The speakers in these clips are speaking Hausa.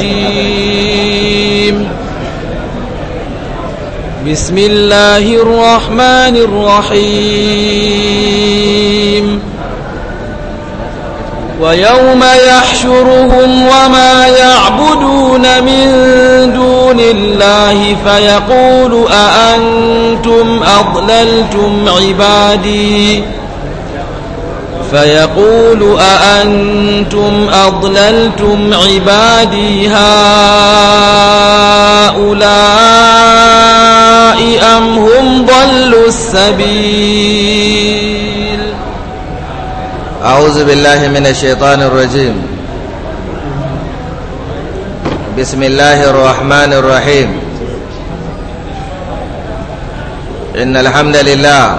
الرجيم بسم الله الرحمن الرحيم ويوم يحشرهم وما يعبدون من دون الله فيقول أأنتم أضللتم عبادي فيقول أأنتم أضللتم عبادي هؤلاء أم هم ضلوا السبيل أعوذ بالله من الشيطان الرجيم بسم الله الرحمن الرحيم إن الحمد لله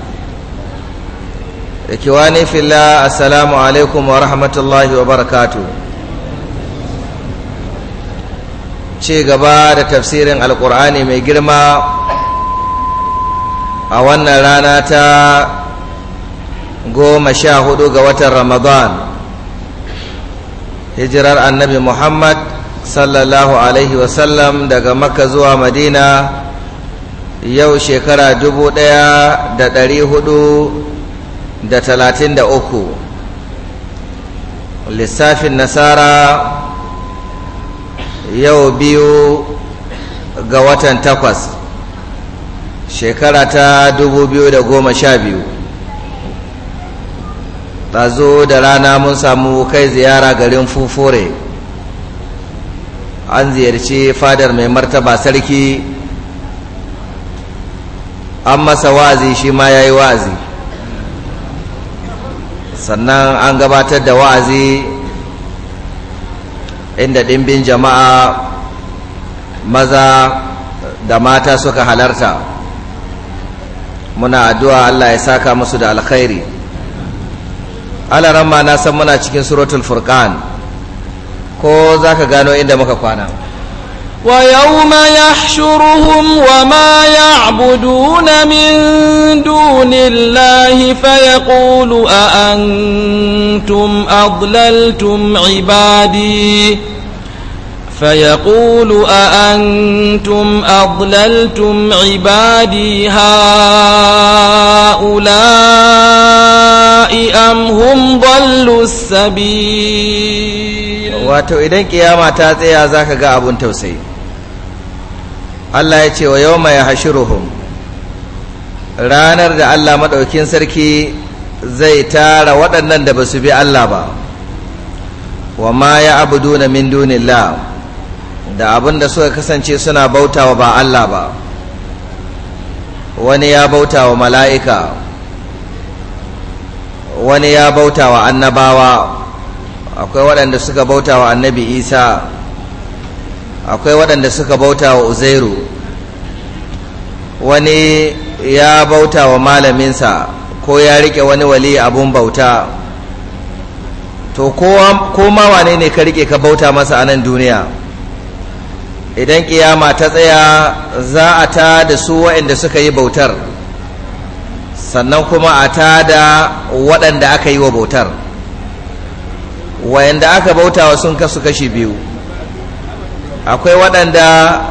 ikiwani filla assalamu alaikum wa rahmatullahi wa barakatu ci gaba da tafsirin alkur'ani mai girma a wannan rana ta goma sha hudu ga watan ramadan hijirar annabi muhammad sallallahu alaihi wasallam daga makka zuwa madina yau shekara dubu daya da dari hudu da talatin da uku lissafin nasara yau biyu ga watan takwas shekara ta dubu biyu da goma sha biyu zo da rana mun samu kai ziyara garin fufure an ziyarci fadar mai martaba sarki an masa wa'azi shi ma ya yi wa'azi sannan an gabatar da wa'azi inda ɗimbin jama'a maza da mata suka halarta muna addu'a Allah ya saka musu da alkhairi alaran ma na san muna cikin suratul furqan ko zaka gano inda muka kwana ويوم يحشرهم وما يعبدون من دون الله فيقول أأنتم أضللتم عبادي فيقول أأنتم أضللتم عبادي هؤلاء أم هم ضلوا السبيل واتو إذن قيامة تاتي أزاك قابون توسيل Allah ya ce wa yau mai hashiruhum ranar da Allah maɗaukin sarki zai tara waɗannan da ba su bi Allah ba wa ma ya abuduna min dunillah da abin da suka kasance suna bautawa ba Allah ba wani ya bautawa mala'ika wani ya bautawa annabawa akwai waɗanda suka bauta wa annabi isa akwai waɗanda suka bauta wa uzairu wani ya bauta wa malaminsa ko ya rike wani wali abun bauta to ko ma wane ne ka rike ka bauta masa a nan duniya idan kiyama ta tsaya za a ta da su waɗanda suka yi bautar sannan kuma a ta da waɗanda aka yi wa bautar wayanda aka bauta wa sun kasu kashi biyu akwai waɗanda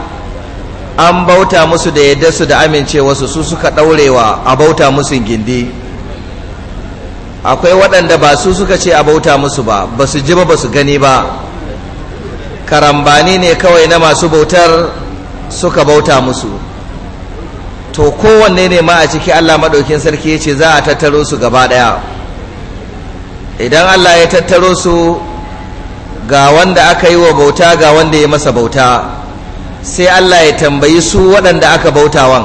an bauta musu da yadda su da amincewasu su suka ɗaurewa a bauta musu gindi akwai waɗanda ba su suka ce a bauta musu ba ba su ji ba ba su gani ba karambani ne kawai na masu bautar suka bauta musu to kowanne ne ma a ciki allah maɗaukin sarki ya ce za a tattaro su gaba ɗaya idan allah ya tattaro su ga wanda aka yi wa bauta ga wanda ya masa bauta sai Allah ya tambayi su waɗanda aka bautawan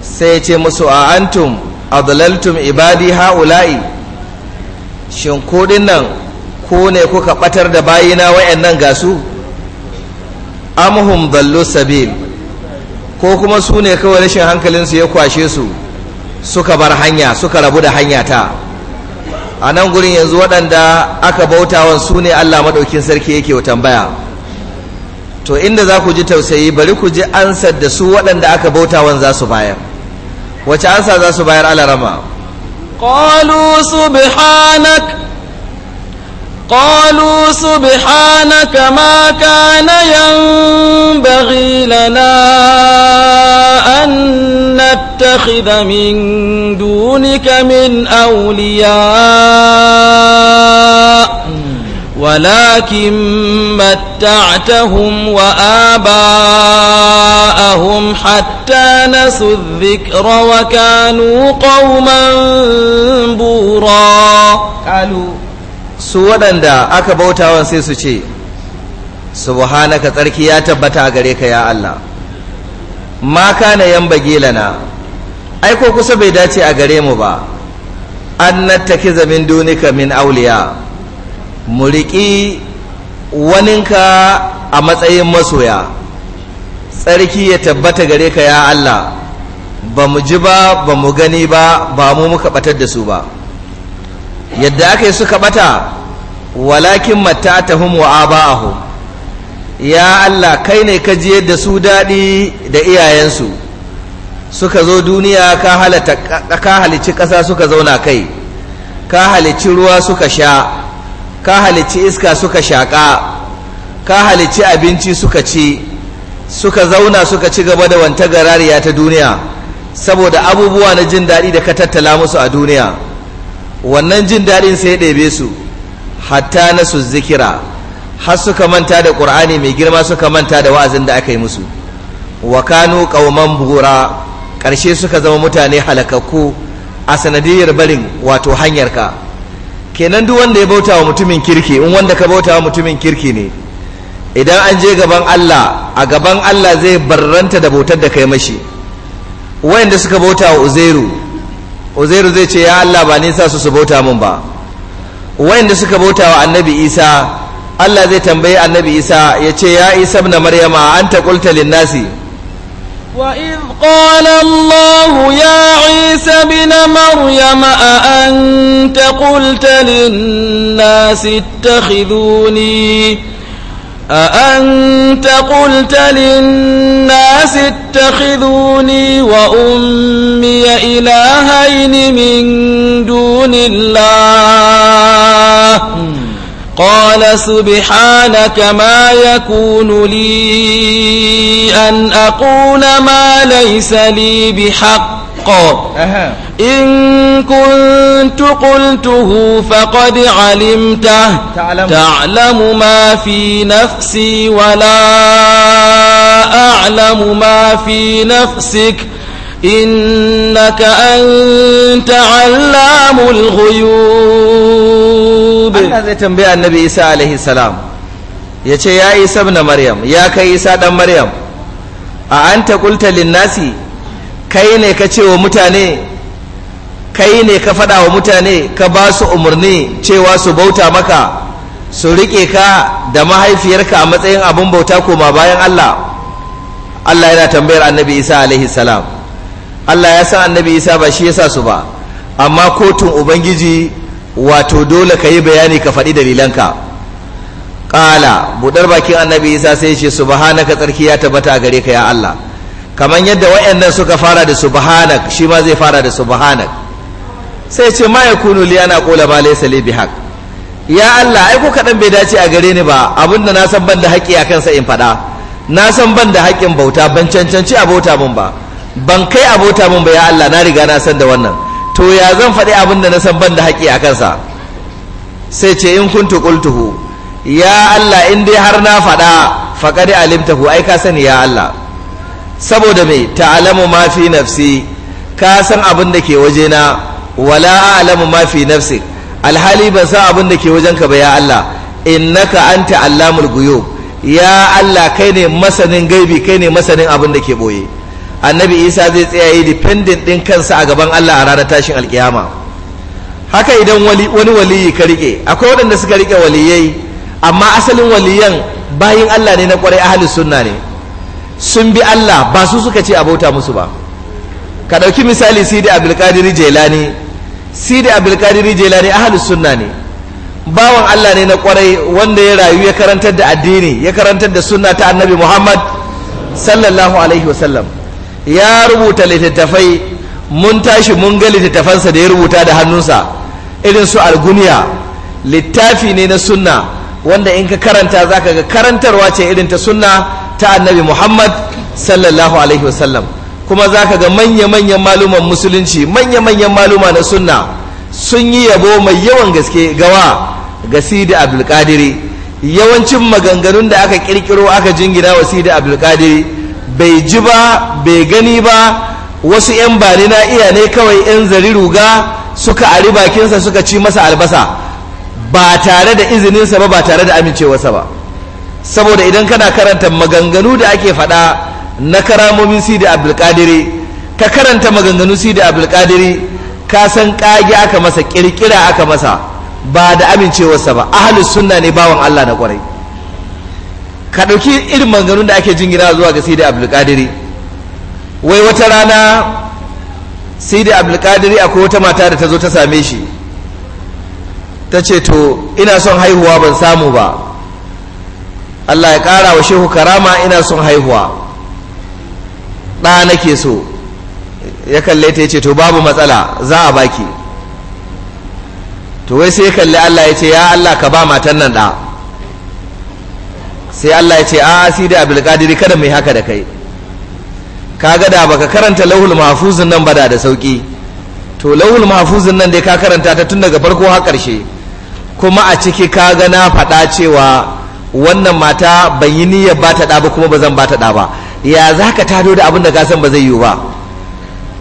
sai ya ce musu a antum adlaltum ibadi ha'ula'i shin kodin nan ko ne kuka batar da bayina wayannan ga su amhum dallu sabil ko kuma su ne kawai rashin hankalinsu ya kwashe su suka bar hanya suka rabu da hanya ta a nan gurin yanzu waɗanda aka bautawan su ne Allah maɗaukin sarki yake tambaya to inda za ku ji tausayi bari ku ji ansar da su waɗanda aka bautawan za su bayar wace ansa za su bayar alarama qalu subhanak قالوا سبحانك ما yan an نتخذ من دونك من أولياء ولكن متعتهم وآباءهم حتى نسوا الذكر وكانوا قوما بورا قالوا سوى دا أكبوتا وانسيسو شيء subhanaka tsarki ya tabbata gare ka ya Allah ma kana bage lana ai ko kusa bai dace a gare mu ba an nattakiza zamin dunika min auliya mu riƙi waninka a matsayin masoya tsarki ya tabbata gare ka ya Allah ba mu ji ba ba mu gani ba ba mu muka batar da su ba yadda aka yi suka bata walakin ta ba wa aba'ahum ya Allah kai ne ka ji yadda su daɗi da iyayensu suka zo duniya ka halici ƙasa suka zauna kai ka halici ruwa suka sha ka halici iska suka shaƙa ka halici abinci suka ci suka zauna suka ci gaba da wanta garariya ta duniya saboda abubuwa na jin daɗi da ka tattala musu a duniya wannan jin daɗin sai ɗebe su hatta na su zikira har suka manta da ƙur'ani mai girma suka manta da wa'azin da aka yi musu wa kanu qauman bura ƙarshe suka zama mutane halakakku a sanadiyar barin wato hanyar ka kenan duk wanda ya bauta wa mutumin kirki in wanda ka bauta wa mutumin kirki ne idan an je gaban Allah a gaban Allah zai barranta da bautar da kai mashi wayanda suka bauta wa Uzairu Uzairu zai ce ya Allah ba nisa su su bauta min ba wayanda suka bauta wa Annabi Isa Allah zai tambayi annabi Isa ya ce ya Isa ibn Maryama anta qulta lin-nasi وإذ قال الله يا عيسى ابن مريم أأنت قلت للناس اتخذوني أأنت قلت للناس اتخذوني وأمي إلهين من دون الله قال سبحانك ما يكون لي أن أقول ما ليس لي بحق إن كنت قلته فقد علمته تعلم, ما في نفسي ولا أعلم ما في نفسك إنك أنت علام الغيوب أنا زي تنبيه النبي إساء عليه السلام يتشي يا إيسى ابن مريم يا كي إيسى دم مريم أأنت قلت للناس kai ne ka ce wa mutane kai ne ka faɗa wa mutane ka ba su umarni cewa su bauta maka su riƙe ka da mahaifiyarka a matsayin abin bauta koma bayan Allah Allah yana tambayar annabi Isa alaihi salam Allah ya sa annabi isa ba shi ya sa su ba amma kotun ubangiji wato dole ka yi bayani ka faɗi dalilanka ƙala buɗar bakin annabi isa sai ce subhanaka tsarki ya tabbata a gare ka ya Allah kamar yadda wayannan suka fara da subhanak shi ma zai fara da subhanak sai ce ma kunu li ana qula ba laysa li bihaq ya Allah ai ko kaɗan bai dace a gare ni ba abinda na san ban da haƙƙi a kansa in faɗa na san ban da haƙƙin bauta ban cancanci a bauta mun ba ban kai abota mun ba ya Allah na riga na san da wannan to ya zan faɗi abin da na san ban da haƙi a kansa sai ce in kuntu qultuhu ya Allah in dai har na faɗa faqad alimtahu ai ka sani ya Allah saboda me ta'lamu ma fi nafsi ka san abin da ke wajena wala a'lamu ma fi nafsi alhali ban san abin da ke wajenka ba ya Allah innaka anta allamul ghuyub ya Allah kai ne masanin gaibi kai ne masanin abin da ke boye annabi isa zai tsayaye dependent din kansa a gaban allah a ranar tashin alkiyama haka idan wani waliyi ka rike akwai waɗanda suka rike waliyai amma asalin waliyan bayin allah ne na kwarai ahalin sunna ne sun bi allah ba su suka ce abota musu ba ka ɗauki misali sidi abdulkadir jelani sidi abdulkadir jelani ahalin sunna ne bawan allah ne na kwarai wanda ya rayu ya karantar da addini ya karantar da sunna ta annabi muhammad sallallahu alaihi wasallam ya rubuta littattafai mun tashi mun ga littattafansa da ya rubuta da hannunsa irin su alguniya littafi ne na sunna wanda in ka karanta za ka ga karantarwa ce irin ta sunna ta annabi muhammad sallallahu alaihi wasallam kuma za ka ga manya-manyan maluman musulunci manya-manyan maluma na sunna sun yi yabo mai yawan gaske gawa ga sidi abdulkadiri yawancin maganganun da aka kirkiro aka jingina wa sidi abdulkadiri bai ji ba bai gani ba wasu 'yan bani na iya ne kawai 'yan zari ruga suka ari bakinsa suka ci masa albasa ba tare da izininsa ba ba tare da amincewarsa ba saboda idan kana karanta maganganu da ake faɗa na karamomin sidi abdulkadiri ka karanta maganganu sidi abdulkadiri ka san ƙage aka masa ƙirƙira aka masa ba da amincewarsa ba ahalus sunna ne bawan allah na kwarai. ka ɗauki irin maganganun da ake jingina zuwa ga sai da abdulkadiri wai wata rana sai da abdulkadiri akwai wata mata da ta zo ta same shi ta ce to ina son haihuwa ban samu ba allah ya ƙara wa shehu karama ina son haihuwa ɗa nake so ya kalle ta ya ce to babu matsala za a baki to wai sai ya kalli allah ya ce ya allah ka ba matan nan ɗa sai Allah ya ce a si da Abdul Qadir kada mai haka da kai kaga da baka karanta lauhul mahfuzin nan ba da sauki to lauhul mahfuzin nan dai ka karanta ta tun daga farko har karshe kuma a ciki kaga na faɗa cewa wannan mata ban yi niyyar ba ta ɗaba kuma ba zan ba ta ɗaba ya za ka tado da abin da ka san ba zai yiwu ba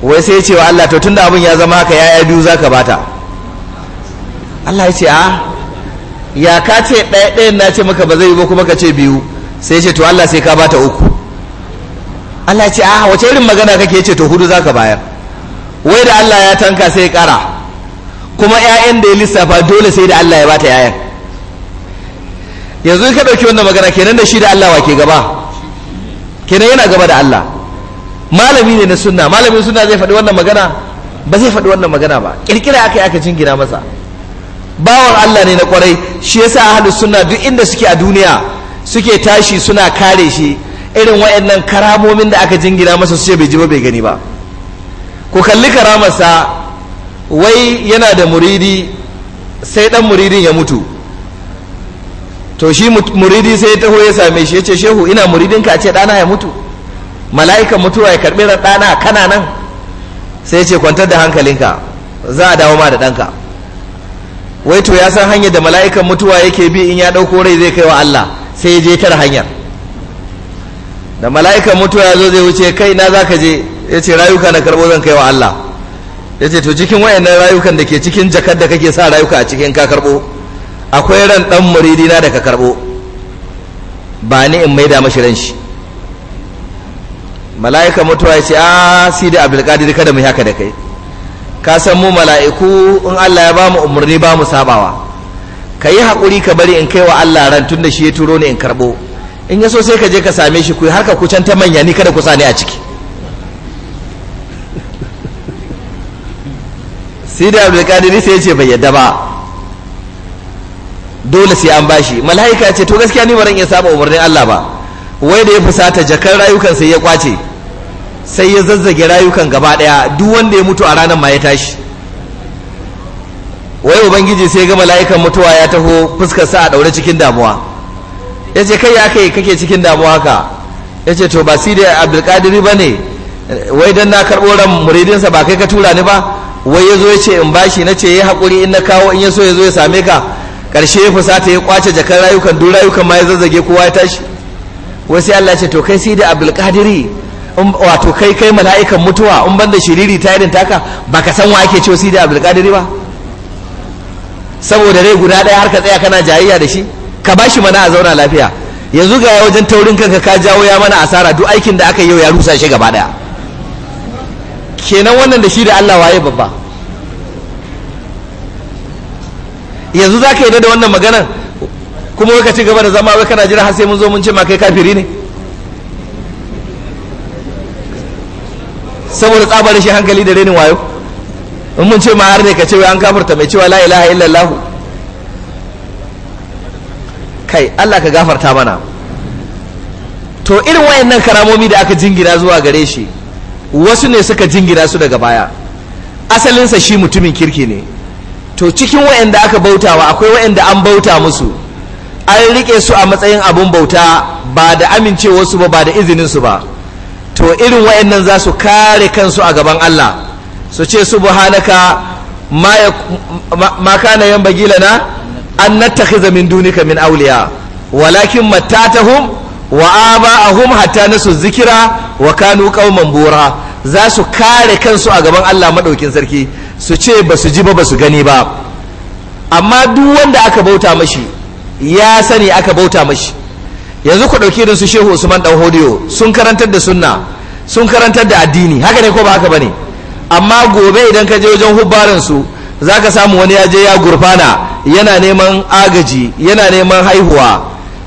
wai sai ya ce wa Allah to tun da abin ya zama haka ya'ya biyu za ka ta Allah ya ce a ya ka ce ɗaya ɗayan na ce maka ba zai yi ba kuma ka ce biyu sai ce to Allah sai ka bata uku Allah ce a wace irin magana kake ce to hudu zaka bayar wai da Allah ya tanka sai kara kuma ƴaƴan da ya lissafa dole sai da Allah ya bata ƴaƴan yanzu ka ɗauki wannan magana kenan da shi da Allah wa ke gaba kenan yana gaba da Allah malami ne na sunna malamin sunna zai faɗi wannan magana ba zai faɗi wannan magana ba kirkira aka yi aka jingina masa bawan Allah ne na kwarai shi yasa ahlus suna duk inda suke a duniya suke tashi suna kare shi irin waɗannan karamomin da aka jingina masa su ce bai ji ba bai gani ba ku kalli karamarsa wai yana da muridi sai dan muridin ya mutu to shi muridi sai taho ya same shi ya ce shehu ina muridinka a ce ɗana ya mutu mala'ikan mutuwa ya karɓi ɗana kana nan sai ya ce kwantar da hankalinka za a dawo ma da ɗanka wai to ya san hanyar da mala'ikan mutuwa yake bi in ya ɗauko rai zai kai wa Allah sai ya je tara hanyar da mala'ikan mutuwa ya zo zai wuce kai na za ka je ya ce rayuka na karɓo zan kai wa Allah ya ce to cikin wayannan rayukan da ke cikin jakar da kake sa rayuka a cikin ka karɓo akwai ran ɗan muridina da ka karɓo ba ni in maida mashi ran shi mala'ikan mutuwa ya ce a ah, sidi abdulkadir kada mu yi haka da kai ka san mu mala'iku in Allah ya bamu umarni ba mu sabawa ka yi haƙuri ka bari in kai wa Allah ran tun shi ya turo ni in karɓo in ya so sai ka je ka same shi ku har ka kucan ta manya ni kada ku sani a ciki sai da abdulkadiri sai ya ce bai yadda ba dole sai an bashi mala'ika ce to gaskiya ni ba ran iya saba umarnin Allah ba wai da ya fusata jakar rayukan sai ya kwace sai ya zazzage rayukan gaba daya duk wanda ya mutu a ranar ma ya tashi wai ubangiji sai ga mala'ikan mutuwa ya taho fuskar sa a daure cikin damuwa ya ce kai ya kai kake cikin damuwa haka ya ce to ba si da abdulkadiri ba ne wai dan na karɓo ran muridinsa ba kai ka tura ni ba wai ya zo ya ce in bashi na ce ya haƙuri in na kawo in ya so ya zo ya same ka ƙarshe ya fusata ya kwace jakar rayukan duk rayukan ma ya zazzage kowa ya tashi wai sai Allah ce to kai sai da abdulkadiri wato kai kai mala'ikan mutuwa in banda shiriri ta irin taka ka san wa ake ciwo da abdulkadir ba saboda rai guda ɗaya har ka tsaya kana jayayya da shi ka ba shi mana a zauna lafiya yanzu ga wajen taurin kanka ka jawo ya mana asara duk aikin da aka yi ya rusa shi gaba ɗaya kenan wannan da shi da Allah waye babba yanzu za ka yi da wannan maganar kuma wai ka ci gaba da zama wai kana jira har sai mun zo mun ce ma kai kafiri ne saboda tsabar shi hankali da renin wayo in mun ce ma ne ka ce an kafarta mai cewa la ilaha illallah kai Allah ka gafarta mana to irin wayannan karamomi da aka jingira zuwa gare shi wasu ne suka jingira su daga baya asalinsa shi mutumin kirki ne to cikin wayanda aka bautawa akwai wayanda an bauta musu an rike su a matsayin abun bauta ba da amincewarsu ba ba da su ba to irin wayannan za su kare kansu a gaban Allah su ce subhanaka ma na yan bagila na an nattakhiza min dunika min awliya walakin mattatahum wa aba'ahum hatta nasu zikira wa kanu qauman bura za su kare kansu a gaban Allah madaukin sarki su ce ba su ji ba ba su gani ba amma duk wanda aka bauta mashi ya sani aka bauta mashi yanzu ku ɗauki irin su shehu usman dan hodiyo sun karantar da sunna sun karantar da addini haka ne ko ba haka bane amma gobe idan ka je wajen hubbaran su zaka samu wani ya je ya gurfana yana neman agaji yana neman haihuwa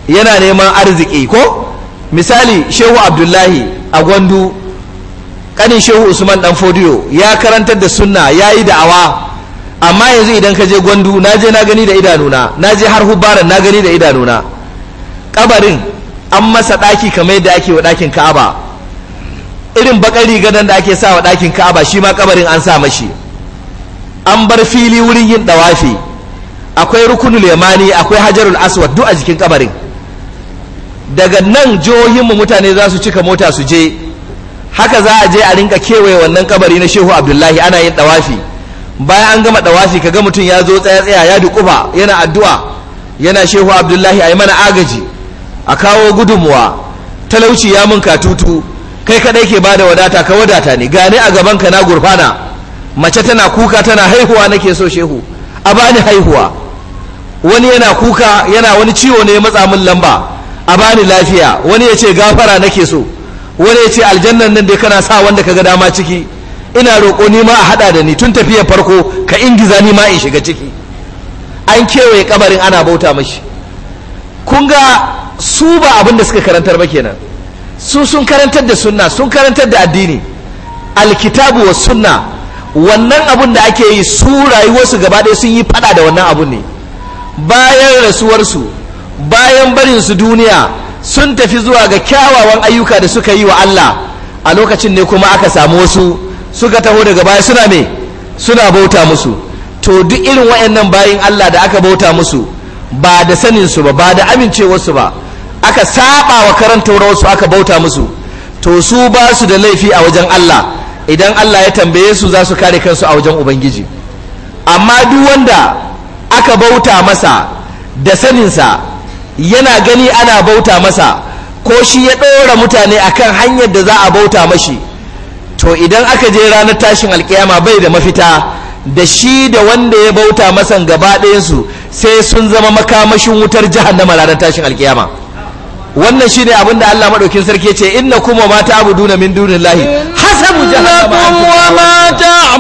yana neman arziki ko misali shehu abdullahi a gwandu kanin shehu usman ɗan fodiyo ya karantar da sunna ya yi da'awa amma yanzu idan ka je gwandu na je na gani da idanuna na je har hubbaran na gani da idanuna kabarin an masa ɗaki kamar yadda ake wa ɗakin ka'aba irin bakar nan da ake sa wa ɗakin ka'aba shi ma kabarin an sa mashi an bar fili wurin yin ɗawafi akwai rukunul yamani akwai hajarul aswad duk a jikin kabarin daga nan jihohin mu mutane za su cika mota su je haka za a je a rinka kewaye wannan kabari na shehu abdullahi ana yin dawafi bayan an gama ɗawafi kaga mutum ya zo tsaya tsaya ya duƙufa yana addu'a yana shehu abdullahi a yi mana agaji a kawo gudunmuwa talauci ya mun katutu kai kaɗai ke bada wadata ka wadata ne gane a gabanka na gurfana mace tana kuka tana haihuwa nake so shehu a bani haihuwa wani yana kuka yana wani ciwo ne matsa min lamba a bani lafiya wani ya ce gafara nake so wani ya ce aljannan nan dai kana sa wanda ka ga dama ciki ina roƙo ni ma a haɗa da ni tun tafiyar farko ka ingiza ni ma in shiga ciki an kewaye kabarin ana bauta mashi kun ga su ba abin da suka karantar ba kenan su sun karantar da sunna sun karantar da addini alkitabu wa sunna wannan abin da ake yi su rayuwarsu gaba ɗaya sun yi fada da wannan abun ne bayan rasuwarsu bayan barin su duniya sun tafi zuwa ga kyawawan ayyuka da suka yi wa Allah a lokacin ne kuma aka samu wasu suka taho daga baya suna me suna bauta musu to duk irin wayannan bayin Allah da aka bauta musu ba da saninsu ba ba da amincewarsu ba aka saba wa karanta wasu aka bauta musu to su ba su da laifi a wajen Allah idan Allah ya tambaye su za su kare kansu a wajen Ubangiji amma duk wanda aka bauta masa da saninsa yana gani ana bauta masa ko shi ya ɗora mutane akan hanyar da za a bauta mashi to idan aka je ranar tashin alkiyama bai da mafita da shi da wanda ya bauta masan gaba ɗayansu sai sun zama makamashin wutar jahannama ranar tashin alkiyama wannan shine abin da Allah madaukin sarki ya ce inna kuma ma ta'buduna min dunillahi hasabu jahannama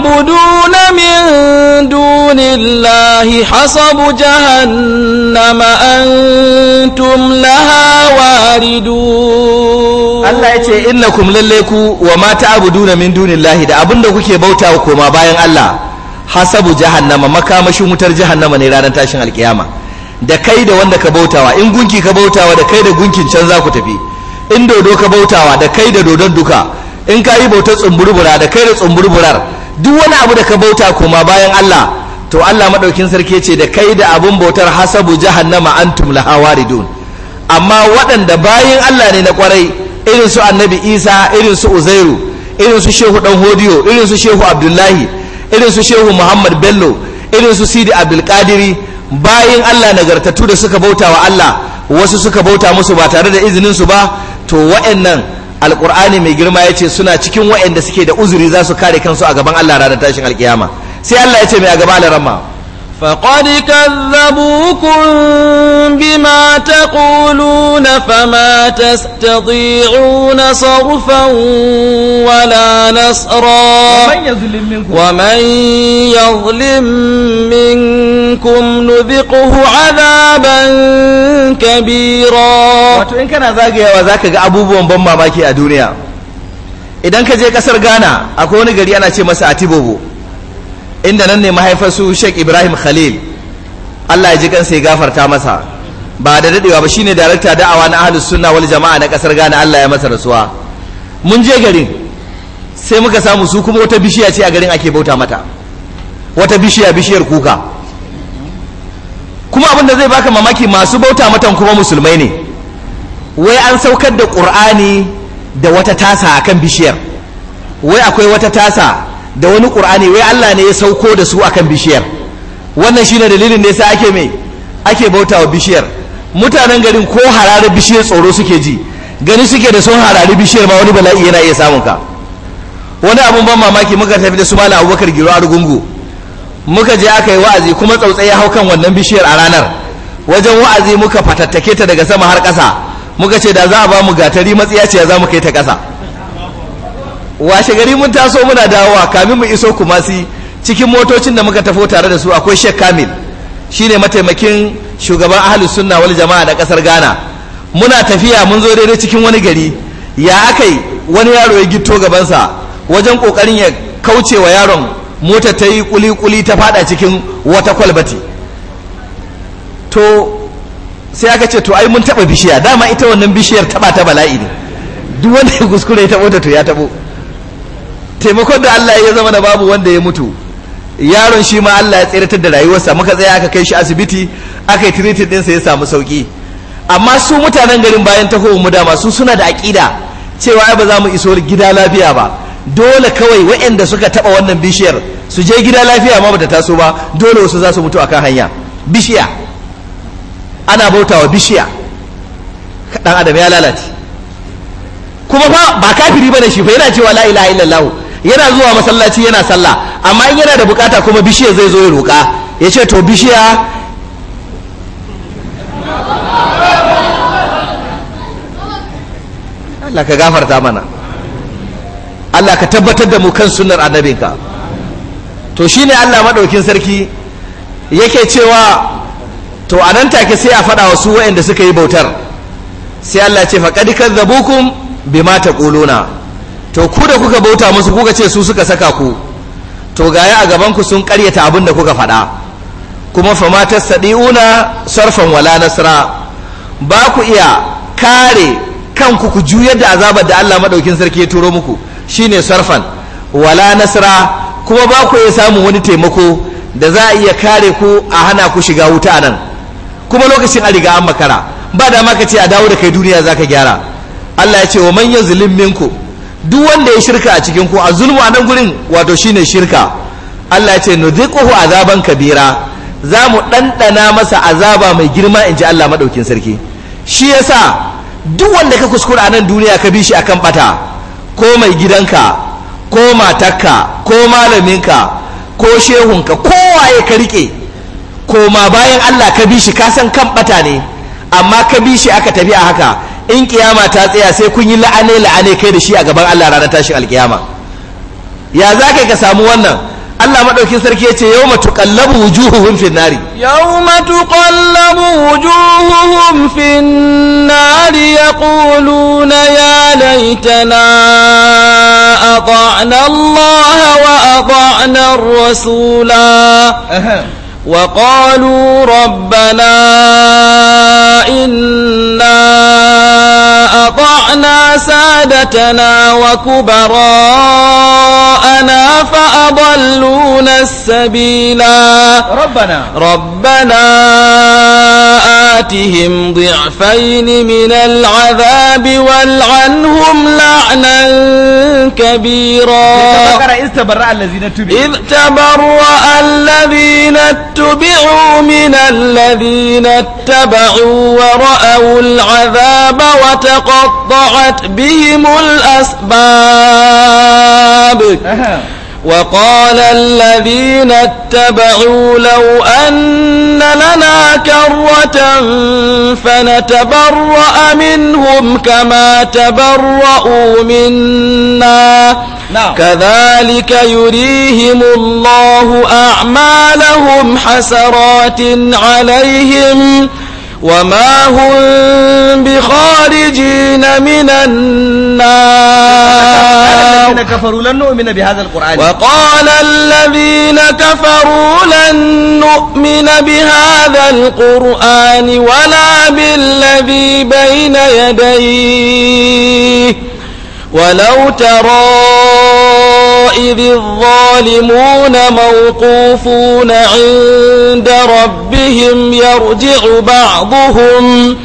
wa ma min dunillahi hasabu jahannama antum laha waridu Allah ya ce innakum lalle ku wa ma ta'buduna min dunillahi da abin da kuke bautawa koma bayan Allah hasabu jahannama makamashin wutar jahannama ne ranar tashin alkiyama da kai da wanda ka bautawa in gunki ka bautawa da kai da gunkin can za ku tafi in dodo ka bautawa da kai da dodon duka in ka yi bautar tsumburbura da kai da tsumburburar duk wani abu da ka bauta kuma bayan Allah to Allah madaukin sarki ce da kai da abun bautar hasabu jahannama antum laha waridun amma waɗanda bayan Allah ne na kwarai irin su annabi Isa irin su Uzairu irin su Shehu dan Hodiyo irin su Shehu Abdullahi irin su shehu muhammad bello irin su sidi abdulkadiri bayan allah nagartattu da suka bauta wa allah wasu suka bauta musu ba tare da izinin su ba to wa'annan alkur'ani mai girma ya ce suna cikin wa'anda suke da uzuri za su kare kansu a gaban allah ranar tashin alkiyama sai allah ya ce mai a gaba alaramma فقد كذبوكم بما تقولون فما تستطيعون صرفا ولا نصرا ومن يظلم منكم نذقه عذابا كبيرا wato in kana zagayawa zaka ga abubuwan ban mamaki a duniya idan ka je kasar Ghana akwai wani gari ana ce masa Atibobo inda nan ne mahaifar su Sheikh Ibrahim Khalil Allah ya ji kansa ya gafarta masa ba da dadewa ba shine darakta da'awa na ahlus sunna wal jama'a na kasar Ghana Allah ya masa rasuwa mun je garin sai muka samu su kuma wata bishiya ce a garin ake bauta mata wata bishiya bishiyar kuka kuma abin da zai baka mamaki masu bauta matan kuma musulmai ne wai an saukar da qur'ani da wata tasa akan bishiyar wai akwai wata tasa da wani ƙur'ani wai Allah ne ya sauko da su akan bishiyar wannan shine dalilin ne sai ake mai ake bauta wa bishiyar mutanen garin ko harare bishiyar tsoro suke ji gani suke da sun harare bishiyar ma wani bala'i yana iya samun ka wani abun ban mamaki muka tafi da su malam abubakar giro a rugungu muka je aka yi wa'azi kuma tsautsayi ya hau wannan bishiyar a ranar wajen wa'azi muka fatattake ta daga sama har ƙasa muka ce da za a ba mu gatari matsiya ce za mu kai ta ƙasa washe gari mun taso muna dawowa kamin mu iso kumasi cikin motocin da muka tafo tare da su akwai Sheikh Kamil shine mataimakin shugaban ahlus sunna wal jama'a da kasar Ghana muna tafiya mun zo daidai cikin wani gari ya akai wani yaro ya gitto gabansa wajen kokarin ya kauce wa yaron mota ta yi kuli-kuli ta fada cikin wata kwalbati to sai aka ce to ai mun taba bishiya dama ita wannan bishiyar taba ta bala'i ne duk wanda ya kuskure ya ta to ya taɓo. taimakon da Allah ya zama da babu wanda ya mutu yaron shi ma Allah ya tsiratar da rayuwarsa muka tsaya aka kai shi asibiti aka yi treated ɗinsa ya samu sauki amma su mutanen garin bayan tahowar mu dama su suna da aƙida cewa ai ba za mu iso gida lafiya ba dole kawai waɗanda suka taɓa wannan bishiyar su je gida lafiya ma bata taso ba dole wasu za su mutu akan hanya bishiya ana bautawa bishiya ɗan adam ya lalace kuma fa ba kafiri bane shi fa yana cewa la ilaha illallah yana zuwa masallaci yana sallah amma in yana da bukata kuma bishiya zai zo ya roka ya ce to bishiya Allah ka gafarta mana Allah ka tabbatar da mu kan sunnar annabinka to shine Allah maɗaukin sarki yake cewa to a nan take sai a faɗa wasu wa'anda suka yi bautar sai Allah ce faƙaɗi kan zabukun bi mata ƙuluna to ku da kuka bauta musu kuka ce su suka saka ku to gaya a gaban ku sun karyata abin da kuka faɗa kuma fa ta sadiuna sarfan wala nasra ba ku iya kare kanku ku juyar da azabar da Allah madaukin sarki ya turo muku shine sarfan wala nasra kuma ba ku iya samu wani taimako da za a iya kare ku a hana ku shiga wuta nan kuma lokacin a riga an makara ba da ma ka ce a dawo da kai duniya za ka gyara Allah ya ce wa manyan yazlim minku. duk wanda ya shirka a cikin ku a zulma nan gurin wato shine shirka Allah ya ce nuziquhu azaban kabira za mu dandana masa azaba mai girma in ji Allah maɗaukin sarki shi yasa duk wanda ka kuskura a nan duniya ka bi shi akan bata ko mai gidanka ko matarka ko malaminka ko shehunka ko waye ka rike ko ma bayan Allah ka bi shi ka san kan bata ne amma ka bi shi aka tafi a haka in kiyama ta tsaya sai kun yi la'ane la'ane kai da shi a gaban Allah ranar tashin alkiyama ya za ka ka samu wannan Allah maɗauki sarki ya ce tuqallabu wujuhuhum fin nari yawma tuqallabu wujuhuhum fin nari yaquluna ya na a ata'na Allah wa a ar-rasula وقالوا ربنا إنا أطعنا سادتنا وكبراءنا هدانا فأضلونا السبيلا ربنا ربنا آتهم ضعفين من العذاب والعنهم لعنا كبيرا إذ تبرأ الذين اتبعوا إذ تبرأ الذين اتبعوا من الذين اتبعوا ورأوا العذاب وتقطعت بهم الأسباب وقال الذين اتبعوا لو أن لنا كرة فنتبرأ منهم كما تبرأوا منا نعم. كذلك يريهم الله أعمالهم حسرات عليهم وما هم بخارجين من النار الذين كفروا لن نؤمن بهذا القرآن وقال الذين كفروا لن نؤمن بهذا القرآن ولا بالذي بين يديه ولو ترى إذ الظالمون موقوفون عند ربهم يرجع بعضهم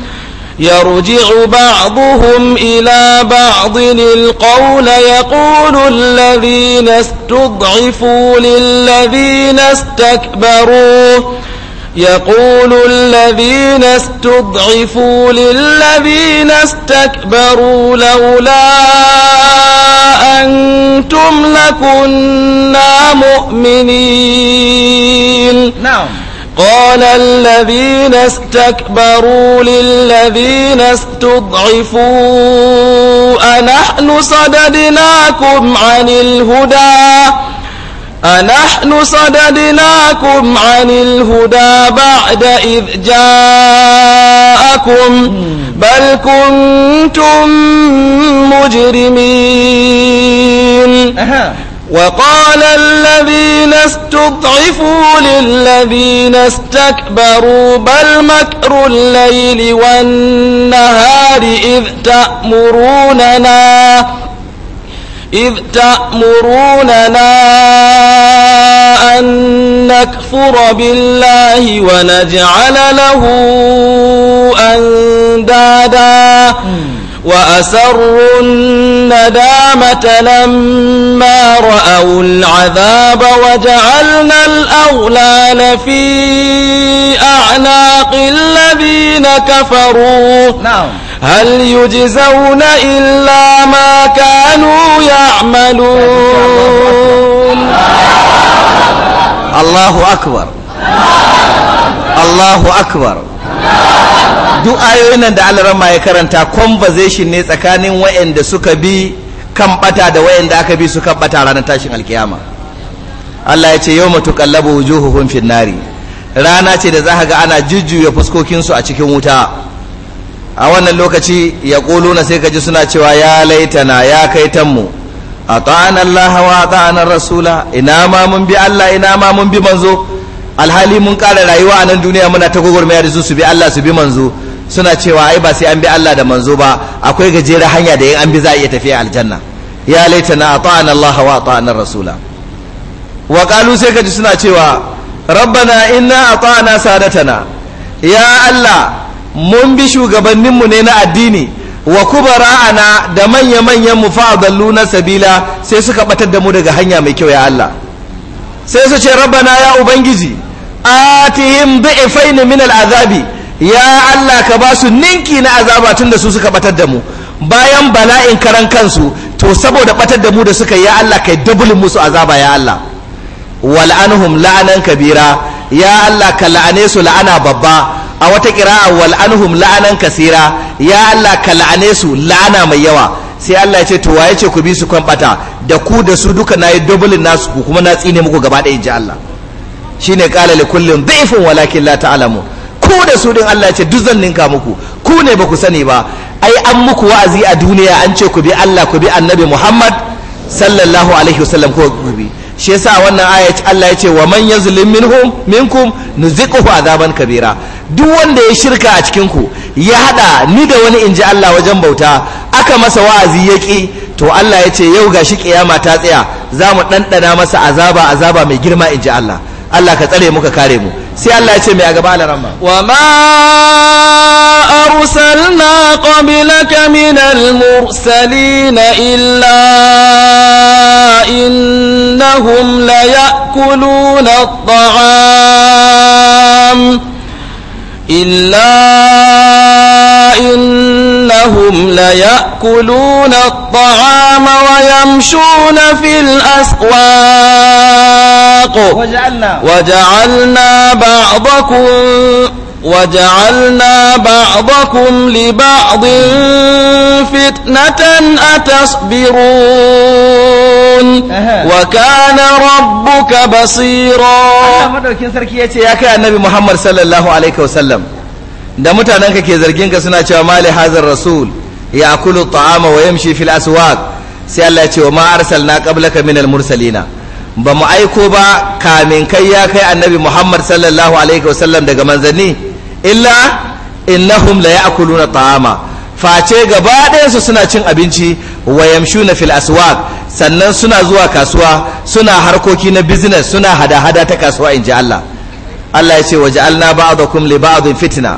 يرجع بعضهم إلى بعض القول يقول الذين استضعفوا للذين استكبروا يقول الذين استضعفوا للذين استكبروا لولا أنتم لكنا مؤمنين نعم قال الذين استكبروا للذين استضعفوا أنحن صددناكم عن الهدى أنحن صددناكم عن الهدى بعد إذ جاءكم بل كنتم مجرمين وقال الذين استضعفوا للذين استكبروا بل مكر الليل والنهار إذ تأمروننا إذ تأمروننا أن نكفر بالله ونجعل له أندادا وأسروا الندامة لما رأوا العذاب وجعلنا الأغلال في أعناق الذين كفروا نعم هل يجزون إلا ما كانوا يعملون الله أكبر الله أكبر duk ayoyin nan da alarama ya karanta conversation ne tsakanin wa'anda suka bi kan bata da wa'anda aka bi suka bata ranar tashin alkiyama Allah ya ce yau matuƙallabo wujuhuhum nari rana ce da za ga ana jujjuya fuskokinsu a cikin wuta a wannan lokaci ya na sai ka ji suna cewa ya laitana ya kai tanmu a Allah wa ta'anar rasula ina ma mun bi Allah ina ma mun bi manzo alhali mun ƙara rayuwa a nan duniya muna ta gwagwarmaya da su su bi Allah su bi manzo suna cewa ai ba sai an bi Allah da manzo ba akwai gajera hanya da yin an bi za a iya tafiya aljanna ya laitana a ta'anar Allah wa ta'anar rasula wa ƙalu sai ka ji suna cewa rabbana inna a ta'ana sadatana ya Allah mun bi shugabanninmu ne na addini wa ra'ana da manya-manyan mu fa'adallu na sabila sai suka batar da mu daga hanya mai kyau ya Allah sai su ce rabbana ya ubangiji atihim du'ifain min al'azabi ya Allah ka ba su ninki na azaba tun da su suka batar da mu bayan bala'in karan kansu to saboda batar da mu da suka yi ya Allah kai dubulin musu azaba ya Allah wal'anhum la'anan kabira ya Allah ka la'ane su la'ana babba a wata kira'a wal anhum la'anan kasira ya Allah ka la'ane su la'ana mai yawa sai Allah ya ce to waye ce ku bi su kan da ku da su duka nayi double nasu ku kuma na tsine muku gaba ɗaya inji Allah shine qala li kullin dhaifun walakin la ta'lamu ku da su din Allah ya ce duk zanninka ninka muku ku ne ba ku sani ba ai an muku wa'azi a duniya an ce ku bi Allah ku bi annabi Muhammad sallallahu alaihi wasallam ku bi shi yasa wannan aya Allah ya ce wa man yazlim minhum minkum nuziquhu azaban kabira duk wanda ya shirka a cikin ku ya hada ni da wani inji Allah wajen bauta aka masa wa'azi yaki to Allah ya ce yau gashi kiyama ta tsaya zamu mu ɗanɗana masa azaba azaba mai girma inji Allah Allah ka tsare mu ka kare mu sai Allah ya ce mai a gaba alarama wa ma arsalna qablaka min al-mursalin illa innahum la ya'kuluna at-ta'am إلا إنهم ليأكلون الطعام ويمشون في الأسواق وجعلنا, وجعلنا بعضكم وجعلنا بعضكم لبعض فتنة أتصبرون وكان ربك بصيرا madaukin sarki ya ce ya kai annabi Muhammad sallallahu alaihi wasallam da mutanenka ke zargin ka suna cewa mali hazar rasul ya akulu ta'ama wa yamshi fil aswaq sai Allah ya ce wa ma arsalna qablaka minal mursalina ba mu aiko ba kamin kai ya kai annabi Muhammad sallallahu alaihi wasallam daga manzanni illa innahum la ya'kuluna ta'ama face gaba ɗayansu suna cin abinci wa na fil aswaq sannan suna zuwa kasuwa suna harkoki na business suna hada-hada ta kasuwa in ji Allah Allah ya ce waja'alna ba'dakum li ba'dhin fitna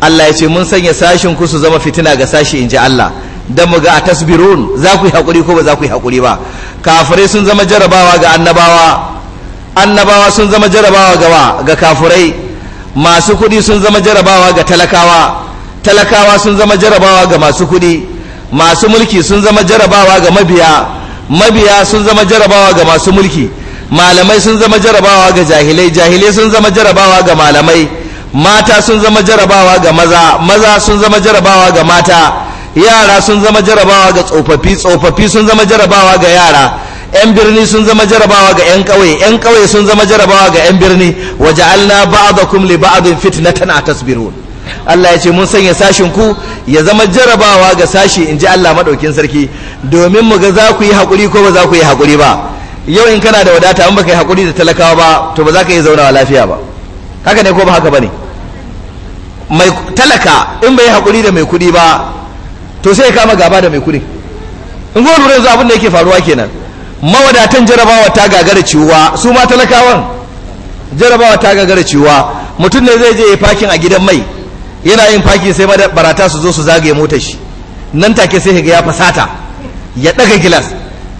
Allah ya ce mun sanya sashin ku su zama fitina ga sashi in ji Allah dan mu ga a tasbirun za ku yi hakuri ko ba za ku yi hakuri ba kafirai sun zama jarabawa ga annabawa annabawa sun zama jarabawa ga ga kafirai masu kuɗi sun zama jarabawa ga talakawa talakawa sun zama jarabawa ga masu kuɗi masu mulki sun zama jarabawa ga mabiya mabiya sun zama jarabawa ga masu mulki malamai sun zama jarabawa ga jahilai jahilai sun zama jarabawa ga malamai mata sun zama jarabawa ga maza maza sun zama jarabawa ga mata yara sun zama jarabawa ga tsofaffi tsofaffi sun zama jarabawa ga yara 'yan birni sun zama jarabawa ga 'yan ƙauye 'yan ƙauye sun zama jarabawa ga 'yan birni waje alna ba'adakum li da fitnatan a tasbirun Allah ya ce mun sanya sashinku ku ya zama jarabawa ga sashi in ji Allah maɗaukin sarki domin mu ga za ku yi haƙuri ko ba za ku yi haƙuri ba yau in kana da wadata in ka yi haƙuri da talakawa ba to ba za ka yi zaunawa lafiya ba haka ne ko ba haka ba ne mai talaka in bai yi haƙuri da mai kuɗi ba to sai ya kama gaba da mai kuɗi in ko lura yanzu abin da yake faruwa kenan mawadatan jarabawa ta gagara cewa su ma talakawan jarabawa ta gagara ciwuwa mutum ne zai je ya fakin a gidan mai yana yin faki sai barata su zo su zagaye motar shi nan take sai ga ya fasata ya daga gilas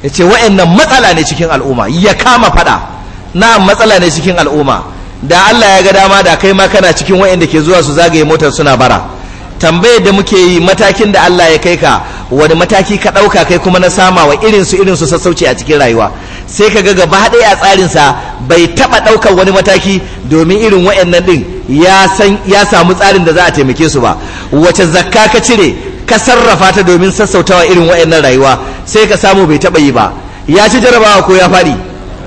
ya ce wa'annan matsala ne cikin al'umma ya kama fada na matsala ne cikin al'umma da Allah ya ga dama da kai ma kana cikin wa'anda ke zuwa su zagaye motar suna bara tambayar da muke yi matakin da Allah ya kai ka wani mataki ka ɗauka kai kuma na sama wa irinsu irinsu sassauci a cikin rayuwa sai ka ga gaba ɗaya a tsarinsa bai taɓa ɗaukar wani mataki domin irin wa'annan ɗin ya samu tsarin da za a taimake su ba wace zakka ka cire ka sarrafa ta domin sassautawa irin wa'annan rayuwa sai ka samu bai taɓa yi ba ya ci jarabawa ko ya faɗi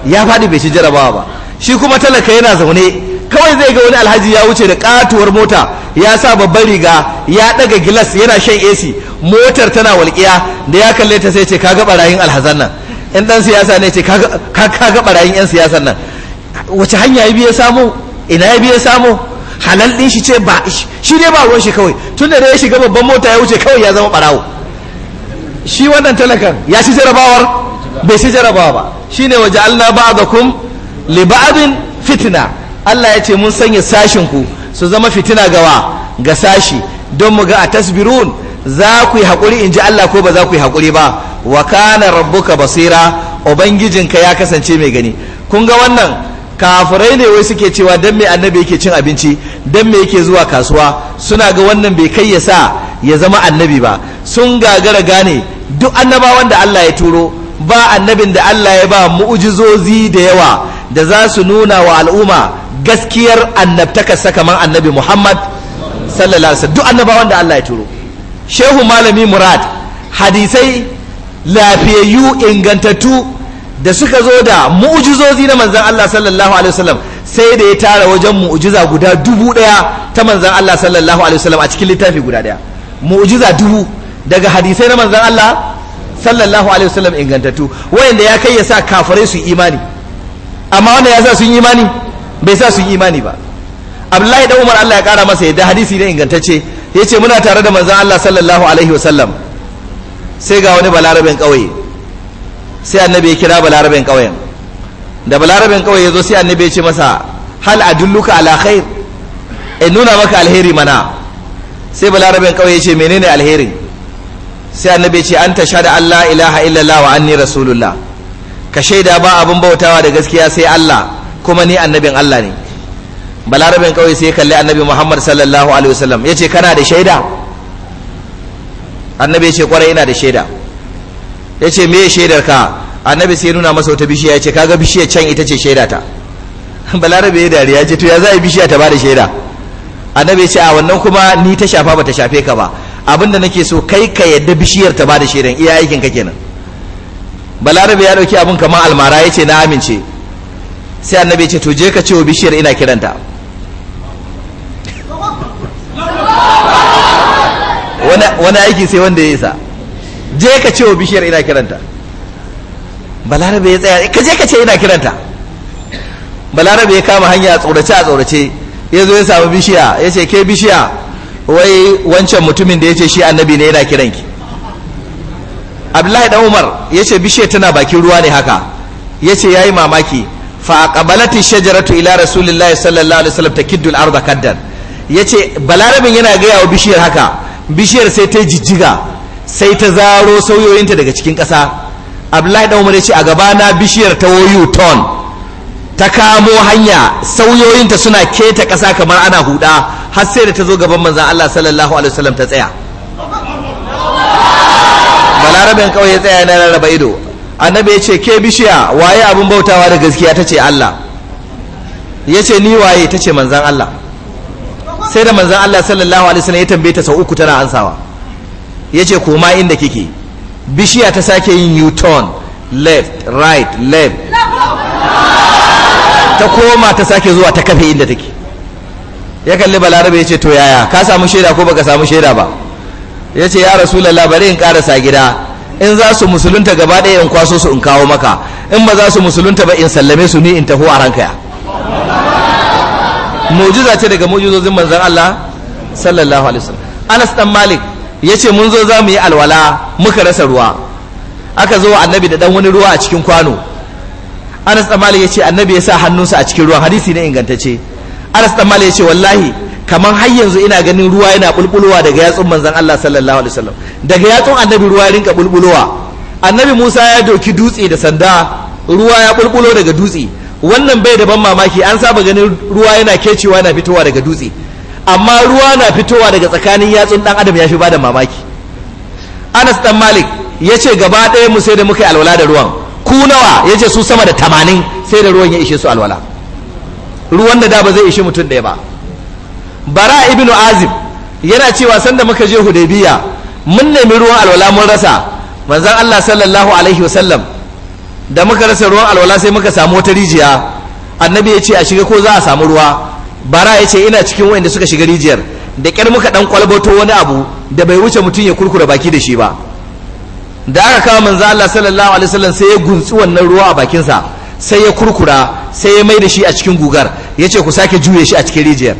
ya faɗi bai ci jarabawa ba shi kuma talaka yana zaune kawai zai ga wani alhaji ya wuce da katuwar mota ya sa babban riga ya daga gilas yana shan AC motar tana walƙiya da ya kalle ta sai ce kaga barayin alhazan nan in dan siyasa ne ce kaga barayin yan siyasan nan wace hanya ya biye samu ina ya biye samu halal din shi ce ba shi dai ba ruwan shi kawai tun da ya shiga babban mota ya wuce kawai ya zama barawo shi wannan talakan ya ci jarabawar bai ci jarabawa ba shine waje alna ba'dakum li ba'din fitna Allah ya ce mun sanya ku su zama fitina gawa ga sashi don mu ga a tasbirun za ku yi haƙuri in ji Allah ko ba za ku yi haƙuri ba wa kana rabbuka basira ubangijinka ya kasance mai gani kun ga wannan kafirai ne wai suke cewa dan me annabi yake cin abinci dan mai yake zuwa kasuwa suna ga wannan bai kai ya sa ya zama annabi ba sun gagara gane duk annabawan da Allah ya turo ba annabin da Allah ya ba mu'jizozi da yawa da za su nuna wa al'umma gaskiyar annabtaka sakaman annabi Muhammad sallallahu alaihi wasallam duk annabawan da Allah ya turo shehu malami murad hadisai lafiyayyu ingantattu da suka zo da mu'jizozi na manzan Allah sallallahu alaihi wasallam sai da ya tara wajen mu'ujiza guda dubu daya ta manzan Allah sallallahu alaihi wasallam a cikin littafi guda daya mu'ujiza dubu daga hadisai na manzan Allah sallallahu alaihi wasallam ingantattu wanda ya kai ya sa kafirai su imani amma wanda ya sa sun imani bai sa sun imani ba abdullahi dan umar Allah ya kara masa yadda hadisi ne ingantacce yace muna tare da manzon Allah sallallahu alaihi wasallam sai ga wani balarabin kauye sai annabi ya kira balarabin kauyen da balarabin kauye ya zo sai annabi ya ce masa hal adulluka ala khair in eh, nuna maka alheri mana sai balarabin kauye ya ce menene alherin sai annabi ce an da Allah ilaha illallah wa anni rasulullah ka shaida ba abin bautawa da gaskiya sai Allah kuma ni annabin Allah ne balarabin kawai sai kalli annabi Muhammad sallallahu alaihi wasallam yace kana da shaida annabi yace kwarai ina da shaida yace me shaidar ka annabi sai nuna masa wata bishiya yace kaga bishiyar can ita ce shaida ta balarabe ya dariya ce to ya za a yi bishiya ta ba da shaida annabi ce a wannan kuma ni ta shafa ba ta shafe ka ba da nake so kai ka yadda bishiyar ta bada shirin iya aikin ka kenan balarabe ya dauki abin kamar almara ya ce na amince sai annabi ya ce to je ka ce wa bishiyar ina kiranta wani aiki sai wanda ya isa je ka ce wa bishiyar ina kiranta balarabe ya tsaya ka je ka ce ina kiranta balarabe ya kama hanya a tsorace a tsorace ya zo ya samu bishiya ya ce ke bishiya wai wancan mutumin da ya ce shi annabi ne yana ki abdullahi dan umar ya ce bishe tana bakin ruwa ne haka ya ce ya yi mamaki shajaratu ila rasulillahi sallallahu alaihi wasallam kiddul arda kaddan ya ce balarabin yana gaya wa bishiyar haka bishiyar sai ta jijjiga sai ta zaro sauyoyinta daga cikin ƙasa abdullahi dan umar ya ce a gabana bishiyar ta wayu ton ta kamo hanya sauyoyinta suna keta ƙasa kamar ana huda har sai da ta zo gaban manzan Allah sallallahu alaihi wasallam ta tsaya balarabin kawai ya tsaya na rarraba ido annabi ya ce ke bishiya waye abin bautawa da gaskiya ta ce Allah ya ce ni waye ta ce manzan Allah sai da manzan Allah sallallahu alaihi wasallam ya tambaye ta sau uku tana ansawa ya ce koma inda kike bishiya ta sake yin u-turn left right left ta koma ta sake zuwa ta kafe inda take ya kalli balarabe ya ce to yaya ka samu shaida ko baka samu shaida ba ya ce ya rasulallah bari in karasa gida in za su musulunta gaba ɗaya in kwaso su in kawo maka in ba za su musulunta ba in sallame su ni in taho a ranka ya mujiza ce daga mujizozin manzan Allah sallallahu alaihi wasallam Anas dan Malik yace mun zo za mu yi alwala muka rasa ruwa aka zo annabi da dan wani ruwa a cikin kwano anas dan malik ce annabi ya sa hannunsa a cikin ruwan hadisi ne ingantacce anas dan malik ce wallahi kamar har yanzu ina ganin ruwa yana bulbulowa daga yatsun manzon Allah sallallahu alaihi wasallam daga yatsun annabi ruwa ya rinka bulbulowa annabi Musa ya doki dutse da sanda ruwa ya bulbulo daga dutse wannan bai da ban mamaki an saba ganin ruwa yana kecewa yana fitowa daga dutse amma ruwa na fitowa daga tsakanin yatsun dan adam ya fi bada mamaki Anas dan Malik ya ce gaba ɗaya mu sai da muka yi alwala da ruwan ku nawa ya ce su sama da tamanin sai da ruwan ya ishe su alwala ruwan da da ba zai ishe mutum ɗaya ba bara ibnu azib yana cewa sanda muka je hudaybiya mun nemi ruwan alwala mun rasa manzon Allah sallallahu alaihi wasallam da muka rasa ruwan alwala sai muka samu wata rijiya annabi ya ce a shiga ko za a samu ruwa bara ya ce ina cikin wanda suka shiga rijiyar da kyar muka dan kwalbato wani abu da bai wuce mutum ya kurkura baki da shi ba da aka kama manzo Allah sallallahu alaihi wasallam sai ya gunsu wannan ruwa a bakinsa sai ya kurkura sai ya mai da shi a cikin gugar yace ku sake juye shi a cikin rijiyar